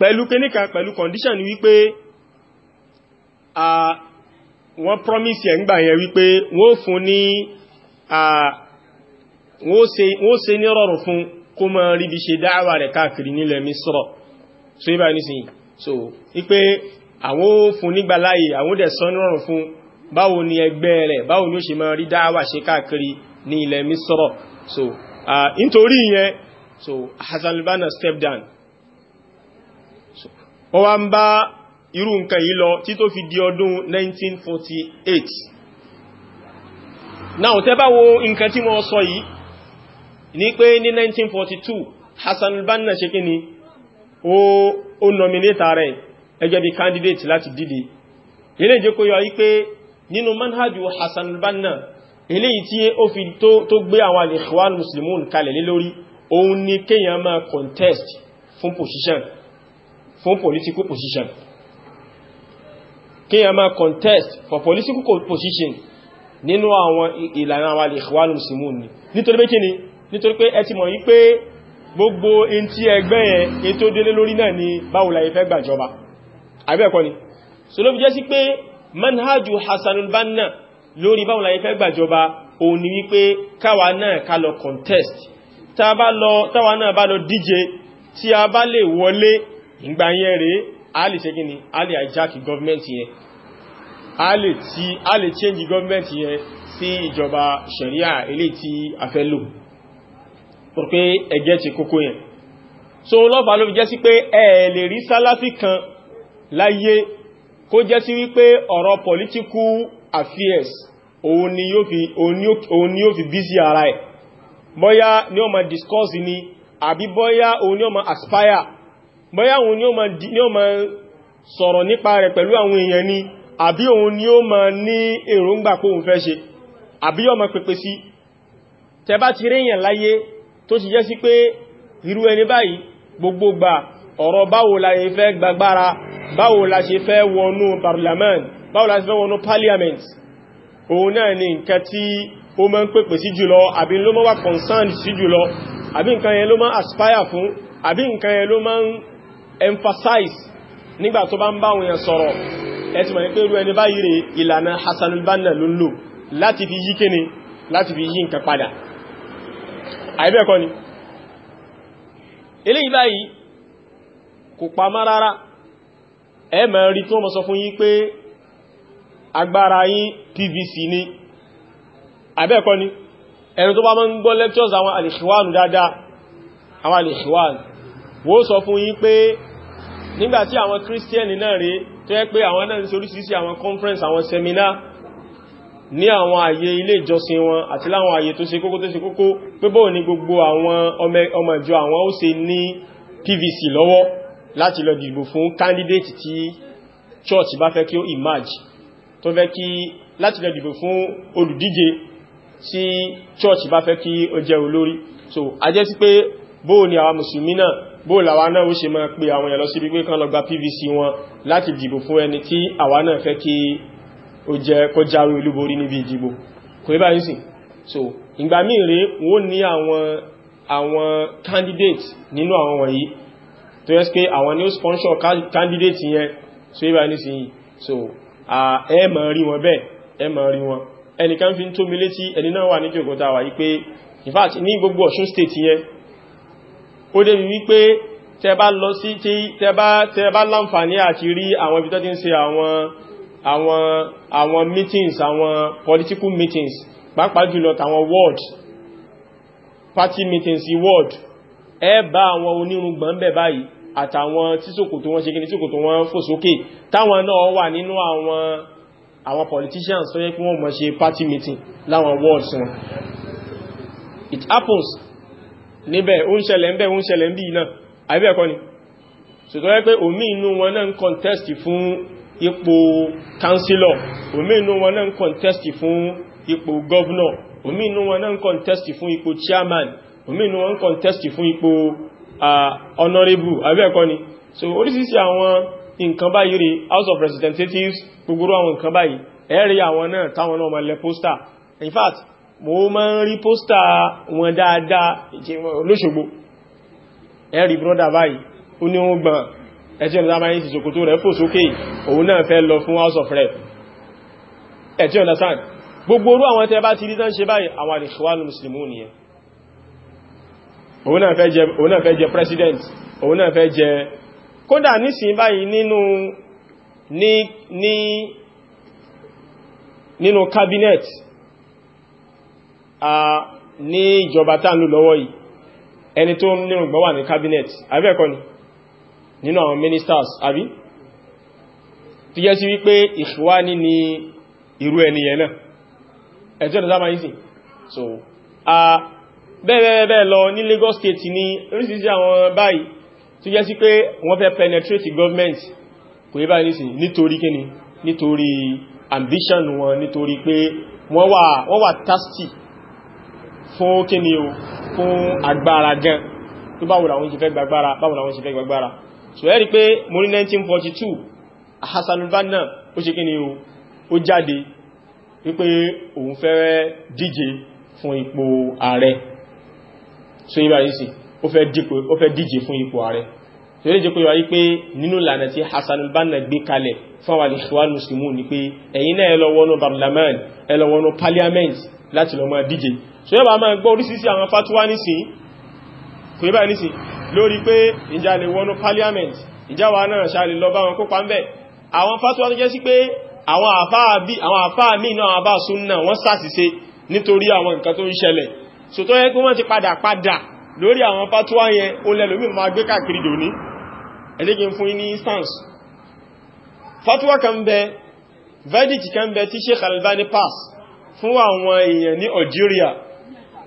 pẹ̀lú kíníkà pẹ̀lú condition ni wípé a wọ́n promise ẹ̀ ń gbà yẹn wípé wọ́n fún ní a wọ́n ṣe ní rọrùn fún kó mọ́ ríbi ṣe dáwà rẹ̀ káàkiri nílẹ̀ Misra so yíba nísìnyí so wípé àwọn ó fún nígbà láàyè àwọn ó dẹ̀ sọ nírọ̀rùn fún báwo ni ẹgbẹ́ rẹ̀ báwo ni ó ṣe máa rí dáwà ṣe káàkiri ní ilẹ̀ Misrọ̀ so nítorí ìyẹn so Hassan al-Banna step down so ó wá ń bá irú nǹkan yìí lọ tí tó fi di ọdún 1948 náà tẹ́ bá wo nǹkan tí mo sọ yìí ní pé ní 1942 Hassan al-Banna ṣe kí ni ó nominate rẹ̀ ẹgbẹ́ bí candidate láti dìde ilé ìjẹ́kó yọ wípé nínú manhaju Hassan banna eléyìí tí ó fi tó gbé àwọn al-Ikhwan muslimun kalẹ̀ lé lórí òun ni kéèyàn máa contest fún position fún political position kéèyàn máa contest for political position nínú àwọn ìlànà àwọn al-Ikhwan muslimun ni nítorí pé kí ni nítorí pé ẹ ti mọ̀ wípé gbogbo in tí ẹgbẹ́ yẹn in tó délé lórí náà ni báwo la ìfẹ́ gbàjọba àbẹ́ẹ̀kọ́ ni so ló fi jẹ́ sí pé manhajú Hassanul Banna lórí báwo la ìfẹ́ gbàjọba òun ni wípé káwa náà ká lọ contest táwa náà bá lọ díje tí a bá lè wọlé ìgbà yẹn rèé a lè ṣe kíni a lè àjákì gọ́ọ̀mẹ́ntì yẹn a lè change gọ́ọ̀mẹ́ntì yẹn sí ìjọba ṣẹ̀ríà eléyìí tí a fẹ́ lò pé ẹ̀jẹ̀ ti kókó yẹn so lọ́fà ló fi jẹ́ sí pé ẹ lè rí sálàfí kan láyé kó jẹ́ sí wípé ọ̀rọ̀ political affairs òun ni yóò fi bí sí ara ẹ̀ bọ́yá ni ó ma discuss ni àbí bọ́yá òun ni ó ma aspire bọ́yá òun ni ó ma sọ̀rọ̀ nípa rẹ̀ pẹ̀lú àwọn èèyàn ni àbí òun ni ó ma ní èròǹgbà pé òun fẹ́ ṣe àbí ó ma pèpè sí tẹ ti ríyàn láyé tó sì jẹ́ sí pé irú ẹni báyìí gbogbo gbà ọ̀rọ̀ báwo la ṣe fẹ́ gbagbára báwo la ṣe fẹ́ wọnú parliament báwo la ṣe fẹ́ wọnú parliament òun náà ni nǹkan tí ó máa ń pèpè sí jùlọ àbí ló máa wà concerned sí jùlọ àbí nǹkan yẹn ló máa aspire fún àbí nǹkan yẹn ló máa ń emphasize nígbà tó bá ń bá òun yẹn sọ̀rọ̀ ẹ̀sùn mọ̀ pé irú ẹni báyìí rẹ̀ ìlànà Hassan banna ló ń lò láti fi yí kíni láti fi yí nǹkan padà àìbẹ́ẹ̀kọ́ ni eléyìí báyìí kò pa má rárá ẹ mọ̀ rí tí wọ́n mọ̀ sọ fún yín pé agbára yín PVC ni àìbẹ́ẹ̀kọ́ ni ẹni tó bá mọ́ ń gbọ́ lectures àwọn alìṣíwánù dáadáa àwọn alìṣíwánù wó sọ fún yín pé nígbàtí àwọn kírísítíẹ̀nì náà rí tó yẹ pé àwọn náà ń ṣe oríṣiríṣi àwọn conference àwọn seminar ní àwọn àyè ilé ìjọsìn wọn àti láwọn àyè tó ṣe kókó tó ṣe kókó pé bóò ní gbogbo àwọn ọmọ ìjọ àwọn ó ṣe ní PVC lọ́wọ́ láti lọ dìbò fún candidate tí church bá fẹ́ kí ó emerge tó fẹ́ kí láti lọ dìbò fún olùdíje tí church bá fẹ́ kí ó jẹ́ olórí so a jẹ́ sí pé bóò ni àwọn mùsùlùmí náà bóò làwa náà ó ṣe máa pe àwọn èèyàn lọ sí wípé kán lọ gba PVC wọn láti dìbò fún ẹni tí àwa náà fẹ́ kí ó jẹ́ kó jáwé olúborí níbi ìdìbò kò rí báyìí sí so ìgbà míì rèé wọ́n ní àwọn àwọn candidate nínú àwọn wọ̀nyí tó yẹ pé àwọn ni ó sponsor candidate yẹn so rí báyìí sí so ẹ mọ̀ rí wọn bẹ́ẹ̀ ẹ mọ̀ rí wọn ẹnìkan fi ń tó mi létí ẹni náà wà ní jòkóta wà yí pé in fact ní gbogbo Ọ̀ṣun state yẹn ó débi wípé tẹ bá lọ sí tí tẹ bá láǹfààní àti rí àwọn ibi tó ti ń ṣe àwọn àwọn àwọn meetings àwọn political meetings pàápàá jùlọ tàwọn ward party meetings ward ẹ bá àwọn onírùngbọ̀n bẹ̀ báyìí àtàwọn tí ṣòkòtò wọn ṣe kí ní ṣòkòtò wọn fò sókè táwọn náà wà nínú àwọn àwọn politicians tó yẹ kí wọ́n mọ̀ ṣe party meeting láwọn wards wọn it happens níbẹ̀ ó ń ṣẹlẹ̀ ń bẹ̀ ó ń ṣẹlẹ̀ ń bí náà àbí ni ṣètò pé òmí inú wọn náà ń contest fún ipò kánsílọ̀ òmínú wọn náà ń kọ̀ntẹ́stì fún ipò gọ́vnọ̀ òmínú wọn náà ń kọ̀ntẹ́stì fún ipò chairman òmínú wọn ń kọ̀ntẹ́stì fún ipò honorable abẹ́ẹ̀kọ́ ni so orísìírísìí àwọn nǹkan báyìí rí house of representatives gbogbo àwọn nǹkan báyìí ẹ̀rí àwọn náà táwọn náà máa lẹ póstà in fact mo máa ń rí póstà wọn dáadáa lóṣogbo ẹ̀rí brọ́dà báyìí ó ní wọ́n ẹ̀tí ọ̀nà sábà ní ti ṣòkòtò rẹ̀ fò sókè òun náà fẹ́ lọ fún house of rep ẹ̀tí ọ̀nà sáà gbogbo orú àwọn tẹ́ bá ti rí tán ṣe báyìí àwọn àlèṣíwánù mùsùlùmí nìyẹn òun náà fẹ́ jẹ president òun náà fẹ́ jẹ kódà nísìn báyìí nínú ní cabinet a ní ìjọba tánlù lọ́wọ́ yìí ẹni tó nínú gbọ́wà ní cabinet abẹ́ẹ̀kọ́ ni nínú àwọn ministers àbí tí jẹ́ sí wípé ìṣwání ni irú ẹniyẹn náà ẹ̀tí ọ̀nà sáàmà ìsìn so a bẹ́ẹ̀bẹ́ẹ̀ lọ ní Lagos State ní orísìírísìí àwọn báyìí tí jẹ́ sí pé wọ́n fẹ́ penetrate government kò yẹ báyìí nísìn nítorí kíni nítorí ambition wọn nítorí pé wọ́n wà wọ́n wà thirsty fún kíni o fún agbára gan tó báwo làwọn ṣe fẹ́ gbàgbára báwo so ẹ́rí pé mo ní 1942 Hassan al-Banna ó ṣe kí ni o ó jáde wípé òun fẹ́ díje fún ipò ààrẹ so yíba yìí sí ó fẹ́ díje fún ipò ààrẹ so yẹ́ jẹ́ pé wáyé pé nínú ìlànà tí Hassan al-Banna gbé kalẹ̀ fáwọn Ikhwan Muslimun parliament láti lọ máa díje so yẹ́ bá máa gbọ́ orísìí àwọn fatuwa kò yíbá nísì lórí pé ìjà lè wọnú parliament ìjà wa náà ṣàlè lọ bá wọn kópa ń bẹ̀ àwọn fatuwa tó jẹ́ sí pé àwọn àfáà míì náà àbá súnnà wọ́n ṣàṣìṣe nítorí àwọn nǹkan tó ń ṣẹlẹ̀ so tó yẹ kí fatuwa yẹn ó lẹ́lòmí máa gbé káàkiri dòní fatuwa kan bẹ verdict kan bẹ tí pass fún àwọn èèyàn ní Algeria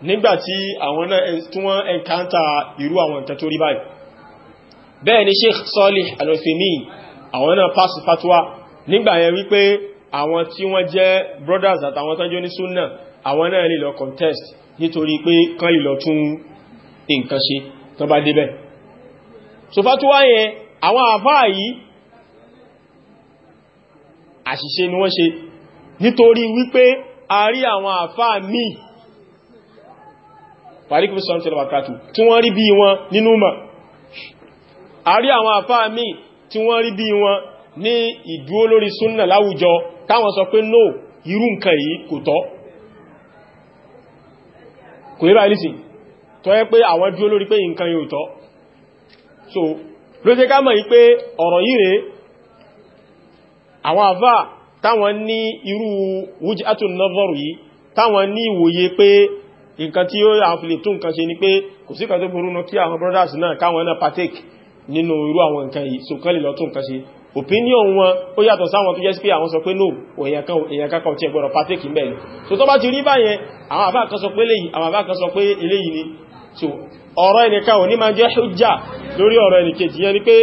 nígbàtí àwọn náà tí wọ́n ẹnkántà irú àwọn nǹkan tó rí báyìí bẹ́ẹ̀ ni Sheikh Salih Al-Uthaymeen àwọn náà pàṣẹ fatwa nígbà yẹn wípé àwọn tí wọ́n jẹ́ brothers àtàwọn tánjọ ní súnnà àwọn náà lè lọ contest nítorí pé kán lè lọ tún nǹkan ṣe tó bá débẹ̀ so fatwa yẹn àwọn àfáà yìí àṣìṣe ni wọ́n ṣe nítorí wípé a rí àwọn àfáà míì wàríkùn sọ́rọ̀tẹ̀lẹ̀ wàkàtù tí wọ́n rí bí wọn nínú ma a rí àwọn àfáà mi tí wọ́n rí bí wọn ní ìdúró lórí súnnà láwùjọ táwọn sọ pé no irú nǹkan yìí kò tọ́ kò yẹ́ báyìí sí tọ́ yẹ́ pé àwọn dúró lórí pé nǹkan yìí ò tọ́ so ló jẹ́ ká mọ̀ yí pé ọ̀rọ̀ yìí rèé àwọn àfáà táwọn ní irú wújátùn nọ́vọ̀rù yìí táwọn ní ìwòye pé nǹkan tí ó yà fi lè nǹkan ṣe ni pé kò sí kan tó burú náà kí àwọn brothers náà káwọn náà partake nínú irú àwọn nǹkan yìí so kán lè lọ tún nǹkan ṣe opinion wọn ó yàtọ̀ sáwọn tó jẹ́ sí pé àwọn sọ pé no èèyàn kankan tí ẹ gbọ́dọ̀ partake ń bẹ̀rẹ̀ so tó bá ti rí báyẹn àwọn àbá kan sọ pé eléyìí àwọn àbá kan sọ pé eléyìí ni so ọ̀rọ̀ ẹnìkan ò ní máa jẹ́ hujja lórí ọ̀rọ̀ ẹnìkejì yẹn ni pé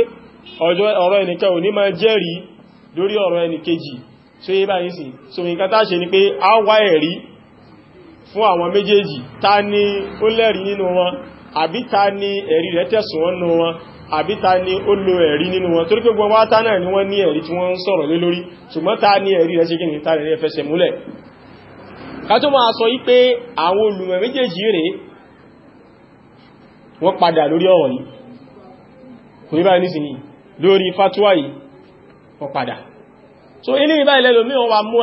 ọ̀rọ̀ ẹnìkan ò ní máa jẹ́rìí lórí ọ̀rọ̀ ẹnìkejì so yé báyìí sì so nǹkan tá ṣe ni pé a wá ẹ̀rí fún àwọn méjèèjì ta ni ó lẹ́rí nínú wọn àbí ta ni ẹ̀rí rẹ̀ tẹ̀sùn wọn nínú wọn àbí ta ni ó lo ẹ̀rí nínú wọn torí pé gbogbo wa ta náà ni wọ́n ní ẹ̀rí tí wọ́n ń sọ̀rọ̀ lé lórí ṣùgbọ́n ta ni ẹ̀rí so ilé ìbáyìí lẹ́lòmí wọ́n wá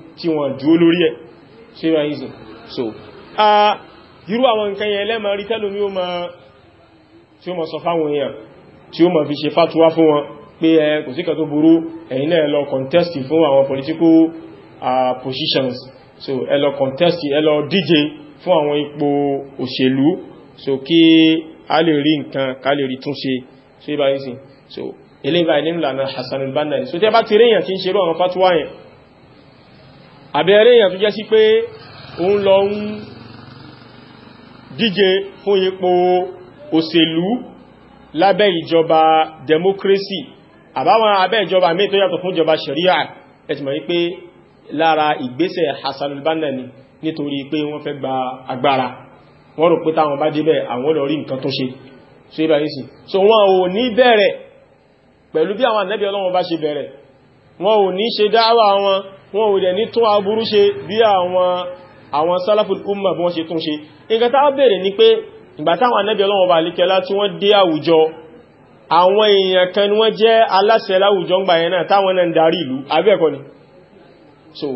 tí wọ́n dúó lórí ẹ̀ síwáyìí so a irú àwọn nǹkan yẹn lẹ́mà rí tẹ́lómi ó ma tí ó ma sọ fáwọn èèyàn tí ó ma fi ṣe fàtúwá fún wọn pé ẹ kò síkà tó burú ẹ̀yin náà contest fún àwọn political uh, positions so ẹ lọ contest ẹ lọ díje fún àwọn ipò òṣèlú so kí a lè rí nǹkan ká lè rí túnṣe so ibáyìí sí so eléyìí báyìí nínú ìlànà Hassan al so tí a bá ti rí èèyàn tí ń ṣerú àwọn fàtúwá yẹn àbẹ̀rẹ̀ èèyàn tó jẹ́ sí pé òun lọ ń díje fún ipò òṣèlú lábẹ́ ìjọba democracy àbáwọn abẹ́ ìjọba míì tó yàtọ̀ fún ìjọba sharia ẹ̀tìmọ̀ wípé lára ìgbésẹ̀ Hassan al-Banna ni nítorí pé wọ́n fẹ́ gba agbára wọ́n rò pé táwọn bá débẹ̀ àwọn lọ rí nǹkan tó ṣe ṣe bá yìí sí so wọn ò ní bẹ̀rẹ̀ pẹ̀lú bí àwọn ànábì Ọlọ́run bá ṣe bẹ̀rẹ̀ wọn ò ní ṣe dáwà wọn wọn ò dẹ̀ ní tún aburú ṣe bí àwọn àwọn sálàfù umma bí wọ́n ṣe tún ṣe nǹkan tá a bèèrè ni pé ìgbà táwọn anẹ́bí ọlọ́wọ́ bá líkẹlá tí wọ́n dé àwùjọ àwọn èèyàn kan ni wọ́n jẹ́ aláṣẹ láwùjọ ń gbà yẹn náà táwọn náà ń darí ìlú abẹ́ẹ̀kọ́ ni so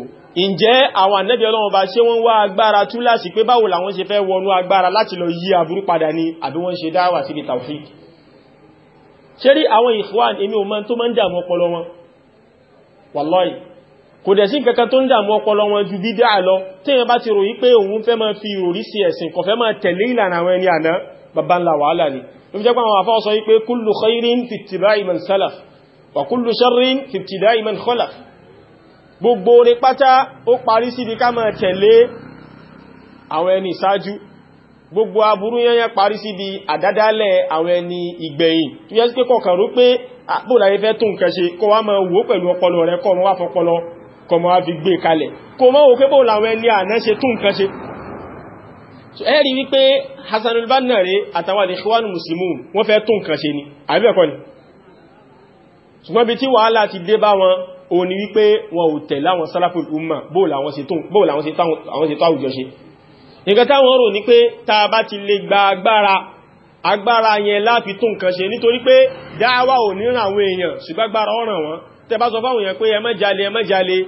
ǹjẹ́ àwọn anẹ́bí ọlọ́wọ́ bá ṣe wọ́n wá agbára tú láti pé báwo làwọn ṣe fẹ́ wọnú agbára láti lọ yí aburú padà ni àbí wọ́n ṣe dáwà síbi tawfiq ṣe rí àwọn ikhwan èmi ò mọ̀ tó máa ń dààmú ọpọlọ wọn wallahi kò dẹ̀ sí kankan tó ń dàmú ọpọlọ wọn ju bídá lọ téèyàn bá ti ròyìn pé òun fẹ́ máa fi ìròrí sí ẹ̀sìn kò fẹ́ máa tẹ̀lé ìlànà àwọn ẹni àná bàbá ńlá wàhálà ni ló fi jẹ́ pé àwọn àfáà sọ wípé kullu khairin fi ittiba'i man salaf wa kullu sharrin fi ibtida'i man gbogbo orí pátá ó síbi àdádálẹ̀ àwọn ẹni ìgbẹ̀yìn tó yẹ sí pé kọkàn pé àpò láyé fẹ́ tó nǹkan ṣe kó wá wò pẹ̀lú ọpọlọ rẹ kọ́ wọn wá fọpọlọ kọmọ wá fi gbé kalẹ̀ kò mọ́ òkè bó làwọn ẹni àná ṣe tún nǹkan ṣe ẹ̀rí wípé Hasan al-Banna rẹ̀ àtàwọn Ikhwanul Muslimun wọ́n fẹ́ tún nǹkan ṣe ni àbí ẹ̀kọ́ ni ṣùgbọ́n bí tí wàhálà ti dé bá wọn o ni wípé wọn ò tẹ̀lé àwọn salaful umma bó làwọn ṣe tó àwùjọ ṣe nǹkan táwọn rò ní pé tá bá ti lè gba agbára agbára yẹn láti tún nǹkan ṣe nítorí pé dáwà ò ní ràn tẹ bá sọ fáwọn èèyàn pé ẹ má jalè ẹ má jalè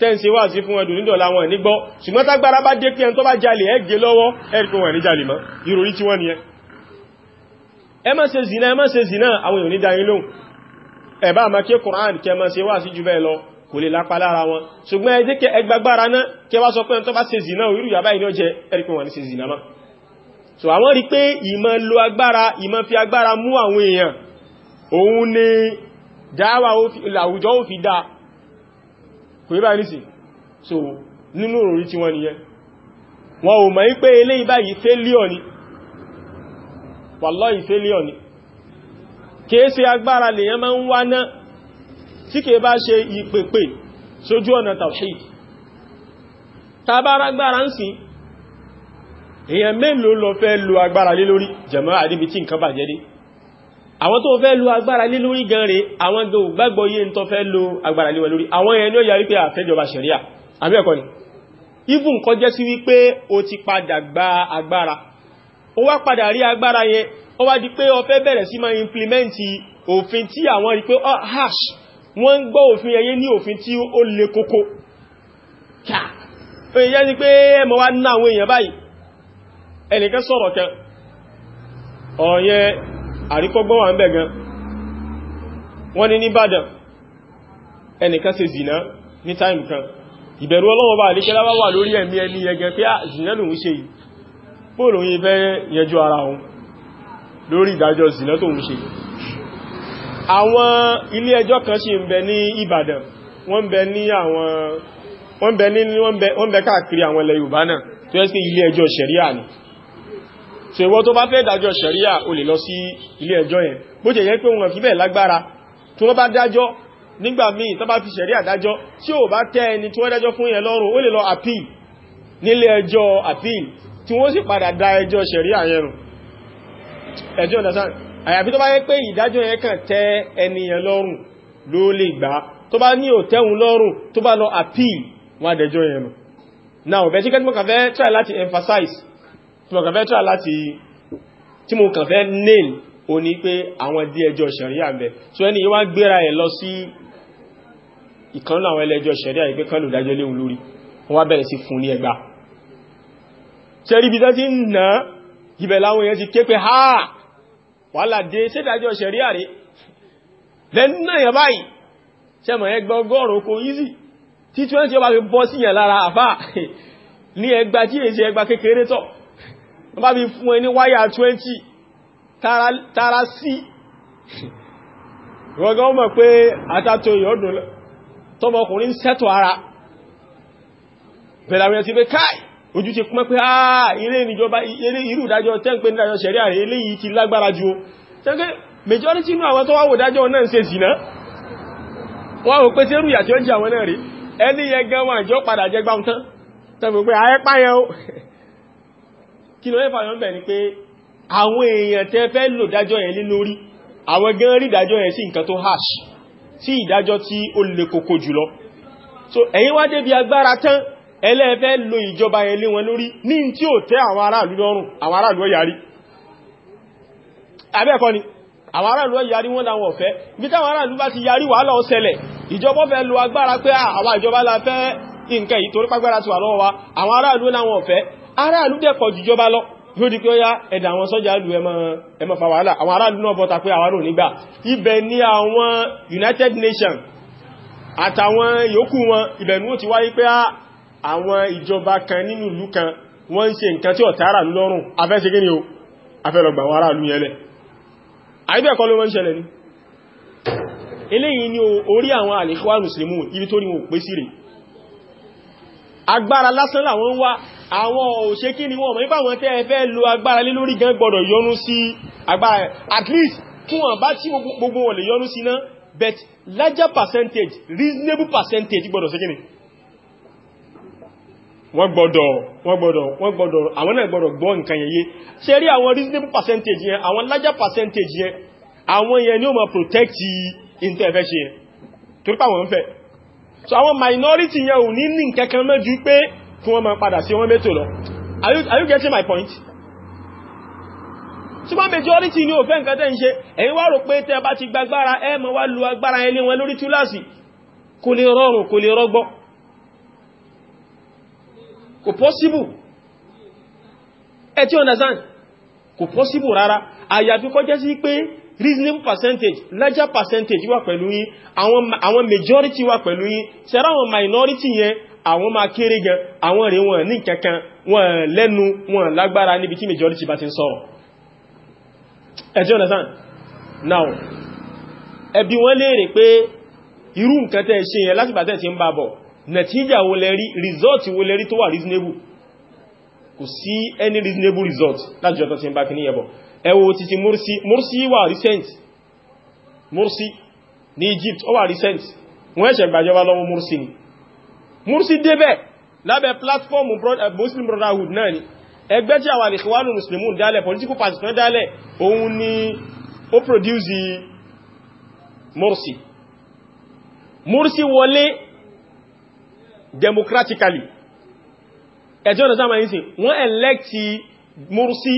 tẹ́ǹsì wà sí fún ẹdùn nídọ̀lá wọn nígbọ́ ṣùgbọ́n tágbára bá dé pé ẹn tó bá jalè ẹ lọ́wọ́ ẹ̀rìkún ni ẹ ẹ má ṣe zìnà ẹ má ṣe zìnà àwọn èèyàn ní dayin lóhùn ẹ bá máa ké Kùránì kẹ má ṣe wà sí jù bẹ́ẹ̀ lọ kò lè lápá lára wọn ṣùgbọ́n ní so àwọn rí pé ìmọ̀ lo agbára ìmọ̀ fi agbára mú àwọn èèyàn òun ni dáwà àwùjọ ó fi dá kò yí báyìí sí so nínú òrí tí wọ́n nìyẹn wọn ò mọ̀ ń pé eléyìí báyìí failure ni wallahi failure ni kèése agbára lèyàn máa ń wá ná tí kèé bá ṣe ìpèpè sójú ọ̀nà tawhid tabaragbára lo agbára lé lórí jàmáà àdíbi tí nǹkan bàjẹ́ dé àwọn tó fẹ́ lo agbára lé lórí gan rẹ̀ àwọn gan ògbàgbọ́ yé ń tó fẹ́ lo agbára lé wọn lórí àwọn èèyàn ni ó yà wípé àfẹ́jọba ṣẹ̀ríà àbí ẹ̀kọ́ ni even nǹkan jẹ́ sí wípé o ti padà gba agbára ó wá padà rí agbára yẹn ó wá di pé ó fẹ́ bẹ̀rẹ̀ sí máa implement òfin tí àwọn rí pé oh, hash wọ́n ń gbọ́ òfin ẹyẹ ní òfin tí ó le koko ká ó àríkọ́gbọ́n wà ń bẹ̀ gan wọ́n ní nìbàdàn ẹnìkan ní táìmù kan ìbẹ̀rù ọlọ́wọ́ bá àríkẹ́lá wá wà lórí ẹ̀mí ẹni yẹgẹ pé ah, zìnà lòun ṣe yìí yìí fẹ́ ara òun lórí ìdájọ́ zìnà tóun ṣe àwọn ilé ẹjọ́ kan ń bẹ ní Ìbàdàn wọ́n bẹ so ìwọ tó bá fẹ́ dájọ́ ṣẹ̀ríà o lè lọ sí ilé ẹjọ́ yẹn bó jẹ́ yẹ pé wọn fi bẹ́ẹ̀ lágbára tí wọ́n bá dájọ́ nígbà míì tó bá fi ṣẹ̀ríà dájọ́ tí ò bá tẹ́ ẹni tí wọ́n dájọ́ fún yẹn lọ́rùn ó lè lọ appeal nílé ẹjọ́ appeal tí wọ́n sì padà dá ẹjọ́ ṣẹ̀ríà yẹn rùn ẹjọ́ ọ̀dásán àyàfi tó bá yẹ pé ìdájọ́ yẹn kàn tẹ́ ẹni yẹn lọ́rùn ló lè gbà tó bá ní òtẹ́hun lọ́rùn tó bá lọ appeal wọn àdẹjọ́ yẹn rùn now bẹ̀ẹ́ tí kẹ́tùmọ̀ kàfẹ́ try láti emphasize tí mo kàn fẹ́ try láti tí mo kàn fẹ́ nail o ní pé àwọn dí ẹjọ́ ṣẹ̀ríà bẹ̀ so ẹni yíwá gbéra ẹ̀ lọ sí ìkànnà àwọn ẹlẹ́jọ́ ṣẹ̀ríà yìí pé kán lò dájọ́ léhun lórí wọ́n wá bẹ̀rẹ̀ sí ní ẹgbà ha wàhálà dé ṣẹ́dájọ́ ṣẹ̀ríà rẹ̀ lẹ́nu náà yẹn báyìí ṣẹ́mọ̀ ẹgbẹ́ ọgọ́rùn-ún kò easy tí 20 ọba fi bọ́ síyàn lára àfáà ní èsì ẹgbà kékeré tọ̀ wọ́n bá fi fún ẹ ní wáyà 20 tààrà sí rọgbọ́n mọ̀ pé àtàtò ìyọ́dún tọmọkùnrin sẹ́tọ̀ ara bẹ̀rẹ̀ ti pé káì ojú ti pẹ́ pé àà ilé ìjọba irú ìdájọ́ tẹ́ǹpé nídájọ́ majority inú àwọn tó wáwò dájọ́ náà ń ṣe zìnà wọ́n wò pé tí rú ìyàtí ó jẹ àwọn náà rí ẹni yẹn gan kí ló lẹ́fà yọ́n bẹ̀ ni pé àwọn èèyàn tẹ́ fẹ́ lò dájọ́ yẹn lé lórí àwọn gan rí ìdájọ́ yẹn sí nǹkan tó harsh sí ìdájọ́ tí ó le koko jùlọ so ẹ̀yin wá débi agbára tán ẹlẹ́fẹ́ lo ìjọba yẹn lé wọn lórí ní tí ó tẹ́ àwọn aráàlú ọ̀yàrí ni àwọn aráàlú ọ̀yàrí wọ́n láwọn ọ̀fẹ́ bí táwọn aráàlú bá ti yarí wàhálà ó ṣẹlẹ̀ ìjọba fẹ́ lo agbára pé àwọn ìjọba la fẹ́ nǹkan Ara dẹ̀ pọ̀ jùjọba lọ ló di pé ó yá ẹ̀dà àwọn sọ́jà lù ẹmọ fa wàhálà àwọn aráàlú náà bọ́ta pé àwárò nígbà ibẹ̀ ní àwọn United Nations àtàwọn yòókù wọn ibẹ̀ ní ó ti wáyé pé ah, àwọn ìjọba kan nínú ìlú kan wọ́n ń nǹkan tí ọ̀tá aráàlú lọ́rùn afẹ́ṣe ni o afẹ́lọgbà àwọn aráàlú yẹn lẹ̀ àìbẹ̀kọ́ ló wọ́n ń ṣẹlẹ̀ ní eléyìí ni orí àwọn àlèkọ́wà mùsùlùmí ibi tó ní wọn ò pé àwọn òṣè kí ni wọ́n mọ̀ nípa àwọn tẹ́ ẹ lo agbára lé lórí gan gbọ́dọ̀ yọnú sí agbára at least kí wọ́n bá tí gbogbo wọn lè yọnú sí náà but larger percentage reasonable percentage gbọ́dọ̀ ṣe kí ni wọ́n gbọ́dọ̀ wọ́n gbọ́dọ̀ wọ́n gbọ́dọ̀ àwọn náà gbọ́dọ̀ gbọ́ nǹkan yẹn yé ṣe rí àwọn reasonable percentage yẹn àwọn larger percentage yẹn àwọn yẹn ni ó máa protect ìntẹ́fẹ́ ṣe yẹn torípàwọn ń fẹ́ so àwọn minority yẹn ò ní ní nǹkan kan mẹ́jú pé kí wọ́n máa padà sí wọ́n mẹ́tò lọ are you, getting my point? ṣùgbọ́n majority ní òfẹ́ nǹkan tẹ́ ń ṣe ẹ̀yin wá rò pé tẹ́ bá ti gbagbára ẹ máa wá lu agbára ẹlé wọn lórí túláàsì kò lè rọrùn kò lè rọgbọ kò pọ́síbù ẹ tí understand kò pọ́síbù rárá àyàfi kó jẹ́ sí pé reasoning percentage larger percentage wà pẹ̀lú yín àwọn majority wà pẹ̀lú yín ṣẹ́ra àwọn minority yẹn àwọn máa kéré gan àwọn rẹ̀ wọn ní kankan wọn lẹ́nu wọn lágbára níbi tí majority bá ti ń sọ̀rọ̀ ẹ̀tí understand now ẹbí wọn léèrè pé irú nǹkan tẹ́ ṣe yẹn láti bàtẹ́ ti ń bá bọ̀ nẹ̀tíjà wo lẹ́rí result wo lẹ́rí tó wà reasonable kò any reasonable result láti jọta ti ń bá kì ní Morsi Morsi wà recent Morsi ní Egypt ó wà recent wọ́n ẹ̀ṣẹ̀ gbàjọba lọ́wọ́ Morsi ni Mursi débẹ̀ lábẹ́ platform eh, Muslim Brotherhood náà ni ẹgbẹ́ tí àwọn Ikhwanul Muslimun dálẹ̀ political party kan dálẹ̀ òun ni ó produce Mursi Mursi wọlé democratically ẹjọ́ ọ̀nà sáàmà yìí sí wọ́n elect Mursi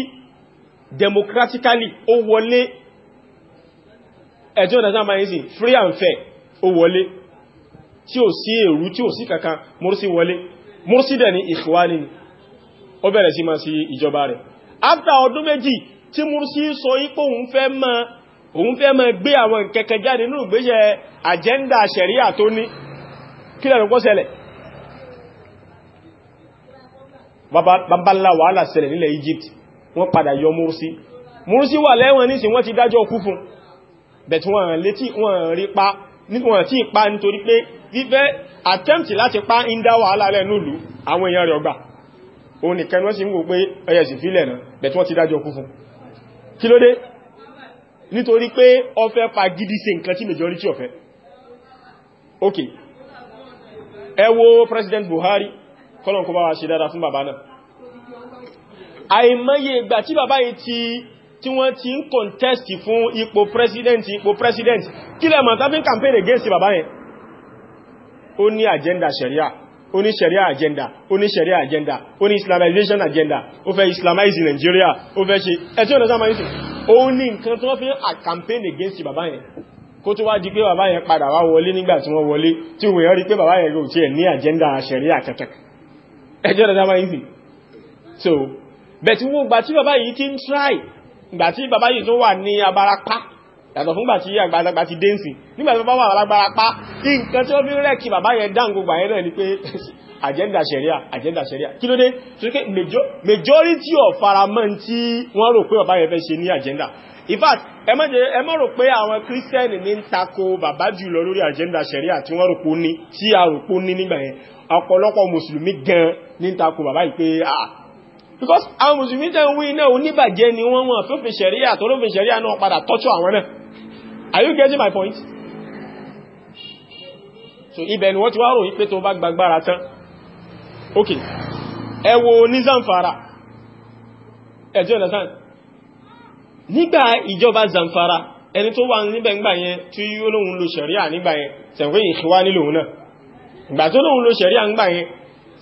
democratically ó wọlé ẹjọ́ ọ̀nà sáàmà yìí sí free and fair ó wọlé tí ò sí èrú tí ò sí kankan Mursi wọlé mọ́rúsí dẹ̀ ní ìfúwání ni ó bẹ̀rẹ̀ sí máa sí ìjọba rẹ̀ after ọdún méjì tí mọ́rúsí sọ ipò òun fẹ́ máa gbé àwọn kẹ̀kẹ́ jáde nínú ìgbésẹ̀ agenda ṣẹ̀ríà tó ní kí lẹ́nu kọ́ ṣẹlẹ̀ babalá wàhálà Egypt wọ́n padà yọ mọ́rúsí mọ́rúsí wà lẹ́wọ̀n nísìn wọ́n ti dájọ́ kú fún bẹ̀tí wọ́n létí nítorí pé fífẹ́ attempt láti pa ń dá wàhálà lẹ́ nílùú àwọn èèyàn rẹ̀ ọgbà òun nìkan wọ́n sì ń wò pé ẹyẹ sì fílẹ̀ náà bẹ̀tí wọ́n ti dájọ́ kú fún kí ló dé nítorí pé ó fẹ́ gidi ṣe nǹkan tí majority ó fẹ́ ok ẹ wo President Buhari kọ́lọ̀ kó bá wa ṣe dára fún bàbá náà àìmọye ìgbà tí bàbá yìí ti tí wọ́n ti ń contest fún ipò president ipò president kí lẹ́mọ̀ tàbí campaign against bàbá yẹn ó ní agenda sharia ó ní sharia agenda ó ní sharia agenda ó ní islamization agenda ó fẹ́ islamize Nigeria ó fẹ́ ṣe ẹ̀tí ọ̀nà sáà máa ń sìn ó ní nǹkan tó fi a campaign against bàbá yẹn kó tó wá di pé bàbá yẹn padà wá wọlé nígbà tí wọ́n wọlé tí òun yẹn rí pé bàbá yẹn rò tí ẹ̀ ní agenda sharia kẹ̀kẹ́ ẹ̀tí ọ̀nà sáà máa ń sìn so bẹ̀tí wọ́n gbà tí bàbá yìí ti ń try gbà tí bàbá yìí tó wà ní abarapá yàtọ̀ fúngbà tí àgbàlagbà ti dé ǹsìn nígbà tó bá wà lágbára pa kí nǹkan tí ó fi rẹ̀ kí bàbá yẹn dáhùn gbogbo àyẹ́rẹ́ ni pé agenda sharia agenda sharia kí ló dé tó ké majority of faramọ́ tí wọ́n rò pé bàbá yẹn fẹ́ ṣe ní agenda in fact ẹ má rò pé àwọn christian ní ń tako bàbá jùlọ lórí agenda sharia tí wọ́n rò pé ó ní tí a rò pé ó ní nígbà yẹn ọ̀pọ̀lọpọ̀ mùsùlùmí gan ní ń tako bàbá yìí pé ah, because àwọn mùsùlùmí tẹ́ ń wí náà oníbàjẹ́ ni wọ́n wọ́n fífin ṣẹ̀ríà tó lófin ṣẹ̀ríà náà padà tọ́jú àwọn náà are you getting my point? so ibẹ̀ ni wọ́n ti wá rò wípé tó bá gbagbára tán ok ẹ wo ní Zamfara ẹ do you understand nígbà ìjọba Zamfara ẹni tó wà níbẹ̀ ńgbà yẹn tí olóhun lo ṣẹ̀ríà nígbà yẹn tẹ̀wé ìṣíwá nílòun náà ìgbà tó lóhun lo ṣẹ̀ríà ńgbà yẹn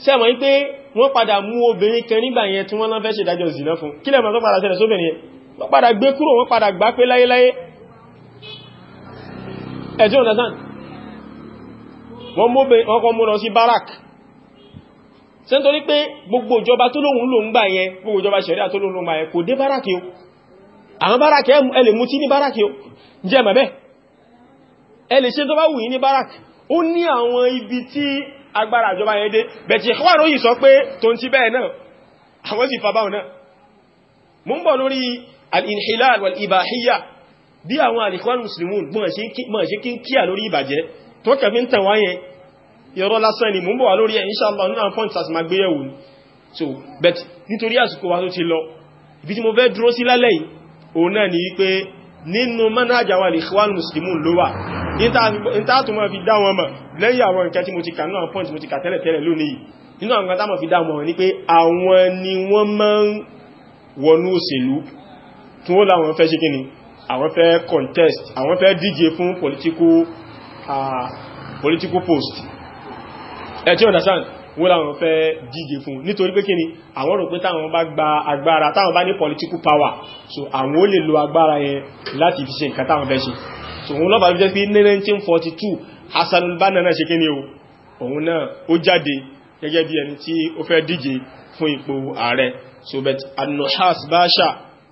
sẹ́mọ̀ wípé wọ́n padà mú obìnrin kan nígbà yẹn tí wọ́n lọ fẹ́ ṣèdájọ́ zìnà fún kí lẹ́mọ̀ tó padà ṣẹlẹ̀ sóbìnrin yẹn wọ́n padà gbé kúrò wọ́n padà gbá pé láyéláyé ẹ̀jọ́ ọ̀dásán wọ́n kọ́ mú lọ sí barak ṣe ń torí pé gbogbo ìjọba tó lóhun ló ń gbà yẹn gbogbo ìjọba ṣẹ̀ríà tó lóhun ló ń gbà yẹn kò dé barak yóò àwọn barak ẹ lè mutí ní barak yóò jẹ́ mẹ́bẹ́ ẹ lè ṣe tó bá wù yí ní barak ó ní àwọn ibi tí agbára àjọba yẹn dé bẹ̀tì ìkwàrò yìí sọ pé tó ń ti bẹ́ẹ̀ náà àwọn sì fàbáwọn náà mú ń bọ̀ lórí al-inhilal wal-ibahiyya bí àwọn al-ikhwan muslimun mọ̀ ṣe kí ń kíyà lórí ìbàjẹ́ tó kẹfí ń tàn wáyẹn ìrọ́ lásán ni mú ń bọ̀ lórí ẹ̀ inshallah nínú ìntàtùmọ̀ fi dá wọn mọ̀ lẹ́yìn àwọn nǹkan tí mo ti kà náà pọ́ǹtì mo ti kà tẹ́lẹ̀tẹ́lẹ̀ lónìí nínú àwọn nǹkan táwọn fi dá wọn ní pé àwọn ni wọ́n máa ń wọnú òṣèlú tí wọ́n láwọn fẹ́ ṣe kíni àwọn fẹ́ contest àwọn fẹ́ díje fún political political post ẹ ti understand wọ́n láwọn fẹ́ díje fún nítorí pé kíni àwọn rò pé táwọn political power so àwọn ó lè lo agbára yẹn láti òun lọ́bàá fi jẹ́ pé ní 1942 Hassan al-Banna náà ṣe kí ni o òun náà ó jáde gẹ́gẹ́ bí ẹni tí ó fẹ́ díje fún ipò ààrẹ so but An-Nuhas Basha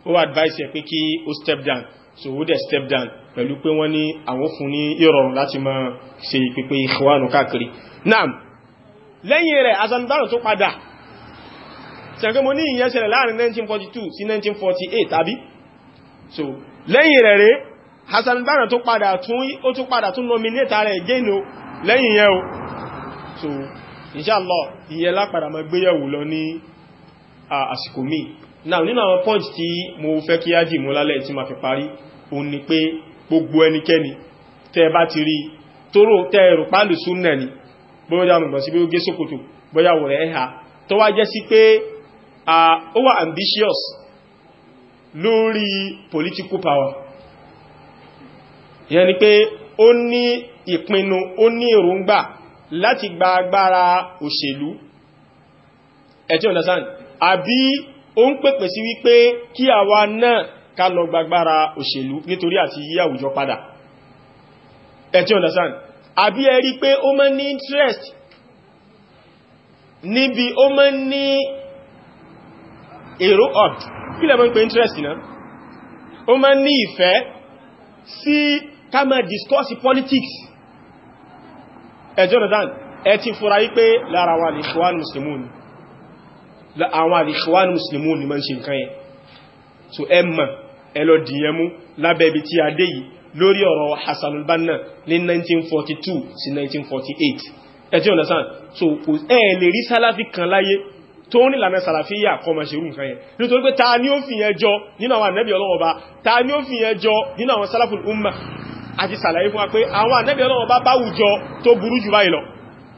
ó advice ẹ̀ pé kí ó step down so ó dẹ̀ step down pẹ̀lú pé wọ́n ní àwọn fún ní ìrọ̀rùn láti máa ṣe ìpínpín ìṣòwánù káàkiri Nam, lẹ́yìn rẹ̀ Hassan al-Banna tó padà ṣẹ̀gbẹ́ mo ní ìyẹn ṣẹlẹ̀ láàrin 1942 sí 1948 tàbí so lẹ́yìn rẹ̀ rẹ̀ Hassan al tó padà tún ó tún padà tún nominate rẹ̀ again o lẹ́yìn yẹn o so inshallah ìyẹn lápadà mọ́ gbéyẹ̀wò lọ ní àsìkò míì now nínú àwọn punch tí mo fẹ́ kí á dì mú lálẹ́ tí ma fi parí o ní pé gbogbo ẹnikẹ́ni tẹ́ bá ti rí tóró tẹ́ rò pálù súnnà ni bóyá mọ̀gbọ̀n sí bí ó gé sókòtò bóyá wò rẹ̀ ẹ̀hà tó wá jẹ́ sí pé ó wà ambitious lórí political power ìyẹn ni pé ó ní ìpinnu ó ní èròǹgbà láti gba agbára òṣèlú ẹ̀tí understand àbí ó ń pèpè sí wípé kí àwa náà ká lọ gbagbára òṣèlú nítorí àti yí àwùjọ padà ẹ̀tí understand àbí ẹ rí pé ó máa ní interest níbi ó máa ní èrò ọ̀d kí lẹ máa ń pè interest náà ó máa ní ìfẹ́ sí ká máa discuss politics ẹjọ́ rẹ̀dán ẹ ti fura yí pé lára àwọn al-Ikhwan Muslimun àwọn al-Ikhwan Muslimun ni ma ṣe nǹkan yẹn so ẹ mọ̀ ẹ lọ dìyẹmú lábẹ́ ibi tí a dé yìí lórí ọ̀rọ̀ Hassan banna ní 1942 sí 1948 ẹjọ́ rẹ̀dán so ẹ lè rí sálàfí kan láyé tó ní ìlànà sàràfíyà kọmọ ṣerú nǹkan yẹn nítorí pé ta ni ó fi yẹn jọ nínú àwọn ànẹ́bì ọlọ́wọ́ bá ta ni ó fi yẹn nínú àwọn sálàfù umma àti sàlàyé fún wa pé àwọn ànábì Ọlọ́run bá báwùjọ tó burú jù báyìí lọ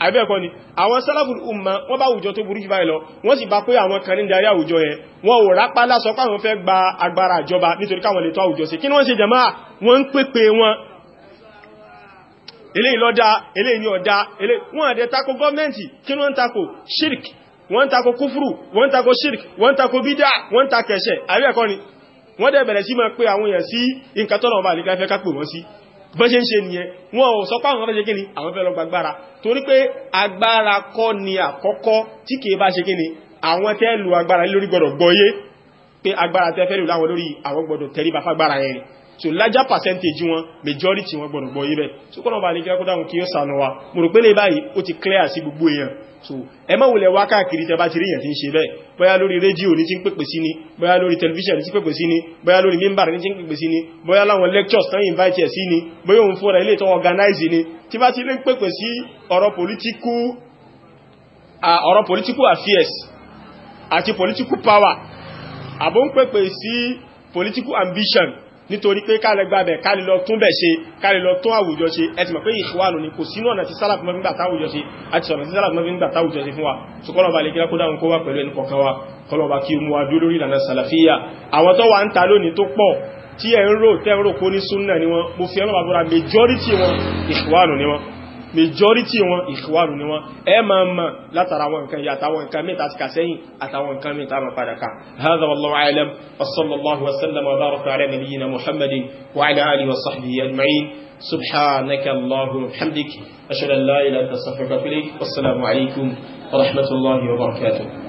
àbẹ́ẹ̀kọ́ ni àwọn sálàfùl umma wọ́n bá àwùjọ tó burú jù báyìí lọ wọ́n sì bá pé àwọn kan ní darí àwùjọ yẹn wọ́n ò rápá lásọ pé àwọn fẹ́ gba agbára ìjọba nítorí káwọn lè tọ́ àwùjọ sí kí ni wọ́n ṣe jàmáà shirk wọ́n tako kúfùrù wọ́n tako shirk wọ́n tako bídá wọ́n tako ẹ̀ṣẹ̀ àbẹ́ẹ̀kọ́ ni wọ́n dẹ̀ bẹ̀rẹ̀ sí máa pé àwọn èèyàn sí nǹkan ọba àdíkà fẹ́ kápò wọ́n sí bẹ́ṣe ń ṣe nìyẹn wọn ò sọ páwọn fẹ́ ṣe kíni àwọn fẹ́ lọ gbagbára torí pé agbára kọ́ ni àkọ́kọ́ tí kìí bá ṣe kíni àwọn tẹ́ lu agbára lórí gbọ́dọ̀ gbọ́yé pé agbára tẹ́ fẹ́ lù láwọn lórí àwọn gbọ́dọ̀ tẹríba fágbára yẹn so larger percentage wọn majority wọn gbọ́dọ̀ gbọ́ ibẹ̀ so kọ́nà bá ní kí ẹkọ́dá wọn kí ó sànà wa mo rò pé lè báyìí ó ti clear sí gbogbo èèyàn so ẹ má wulẹ̀ wá káàkiri tẹ bá ti rí èèyàn tí ń ṣe bẹ́ẹ̀ bóyá lórí rédíò ní tí ń pèpè sí ni bóyá lórí tẹlifíṣàn ní tí ń pèpè sí ni bóyá lórí mímbàrà ní tí ń pèpè sí ni bóyá láwọn lectures tán invite ẹ̀ sí ni bóyá òun fúnra ilé tán organize ni tí bá ti lè pèpè sí ọ̀rọ̀ political ọ̀rọ̀ political affairs àti political power àbó ń pèpè sí political ambition nítorí pé ká lè gbàbẹ̀ ká lè lọ tún bẹ̀ ṣe ká lè lọ tún àwùjọ ṣe ẹ ti mọ̀ pé ìṣúwànù ni kò sínú ọ̀nà tí sálàfù mọ́ fi ń gbà táwùjọ ṣe àti sọ̀nà wa ṣùkọ́nà ọba lè kíra kó dáhùn kó wá pẹ̀lú wa kọlọ̀ọba majority wọn ìṣúwànù ni majority wọn ìṣòwàrù ni wọ́n ẹ máa ma látara wọn nǹkan yàtàwọn nǹkan mẹ́ta ti kà sẹ́yìn àtàwọn nǹkan mẹ́ta ma padà ká hadha wallahu a'lam wa sallallahu wa sallam wa baraka ala nabiyyina muhammadin wa ala alihi wa sahbihi ajma'in subhanaka allahumma hamdik ashhadu an la ilaha illa anta astaghfiruka wa atubu ilayk wassalamu alaikum wa rahmatullahi wa barakatuh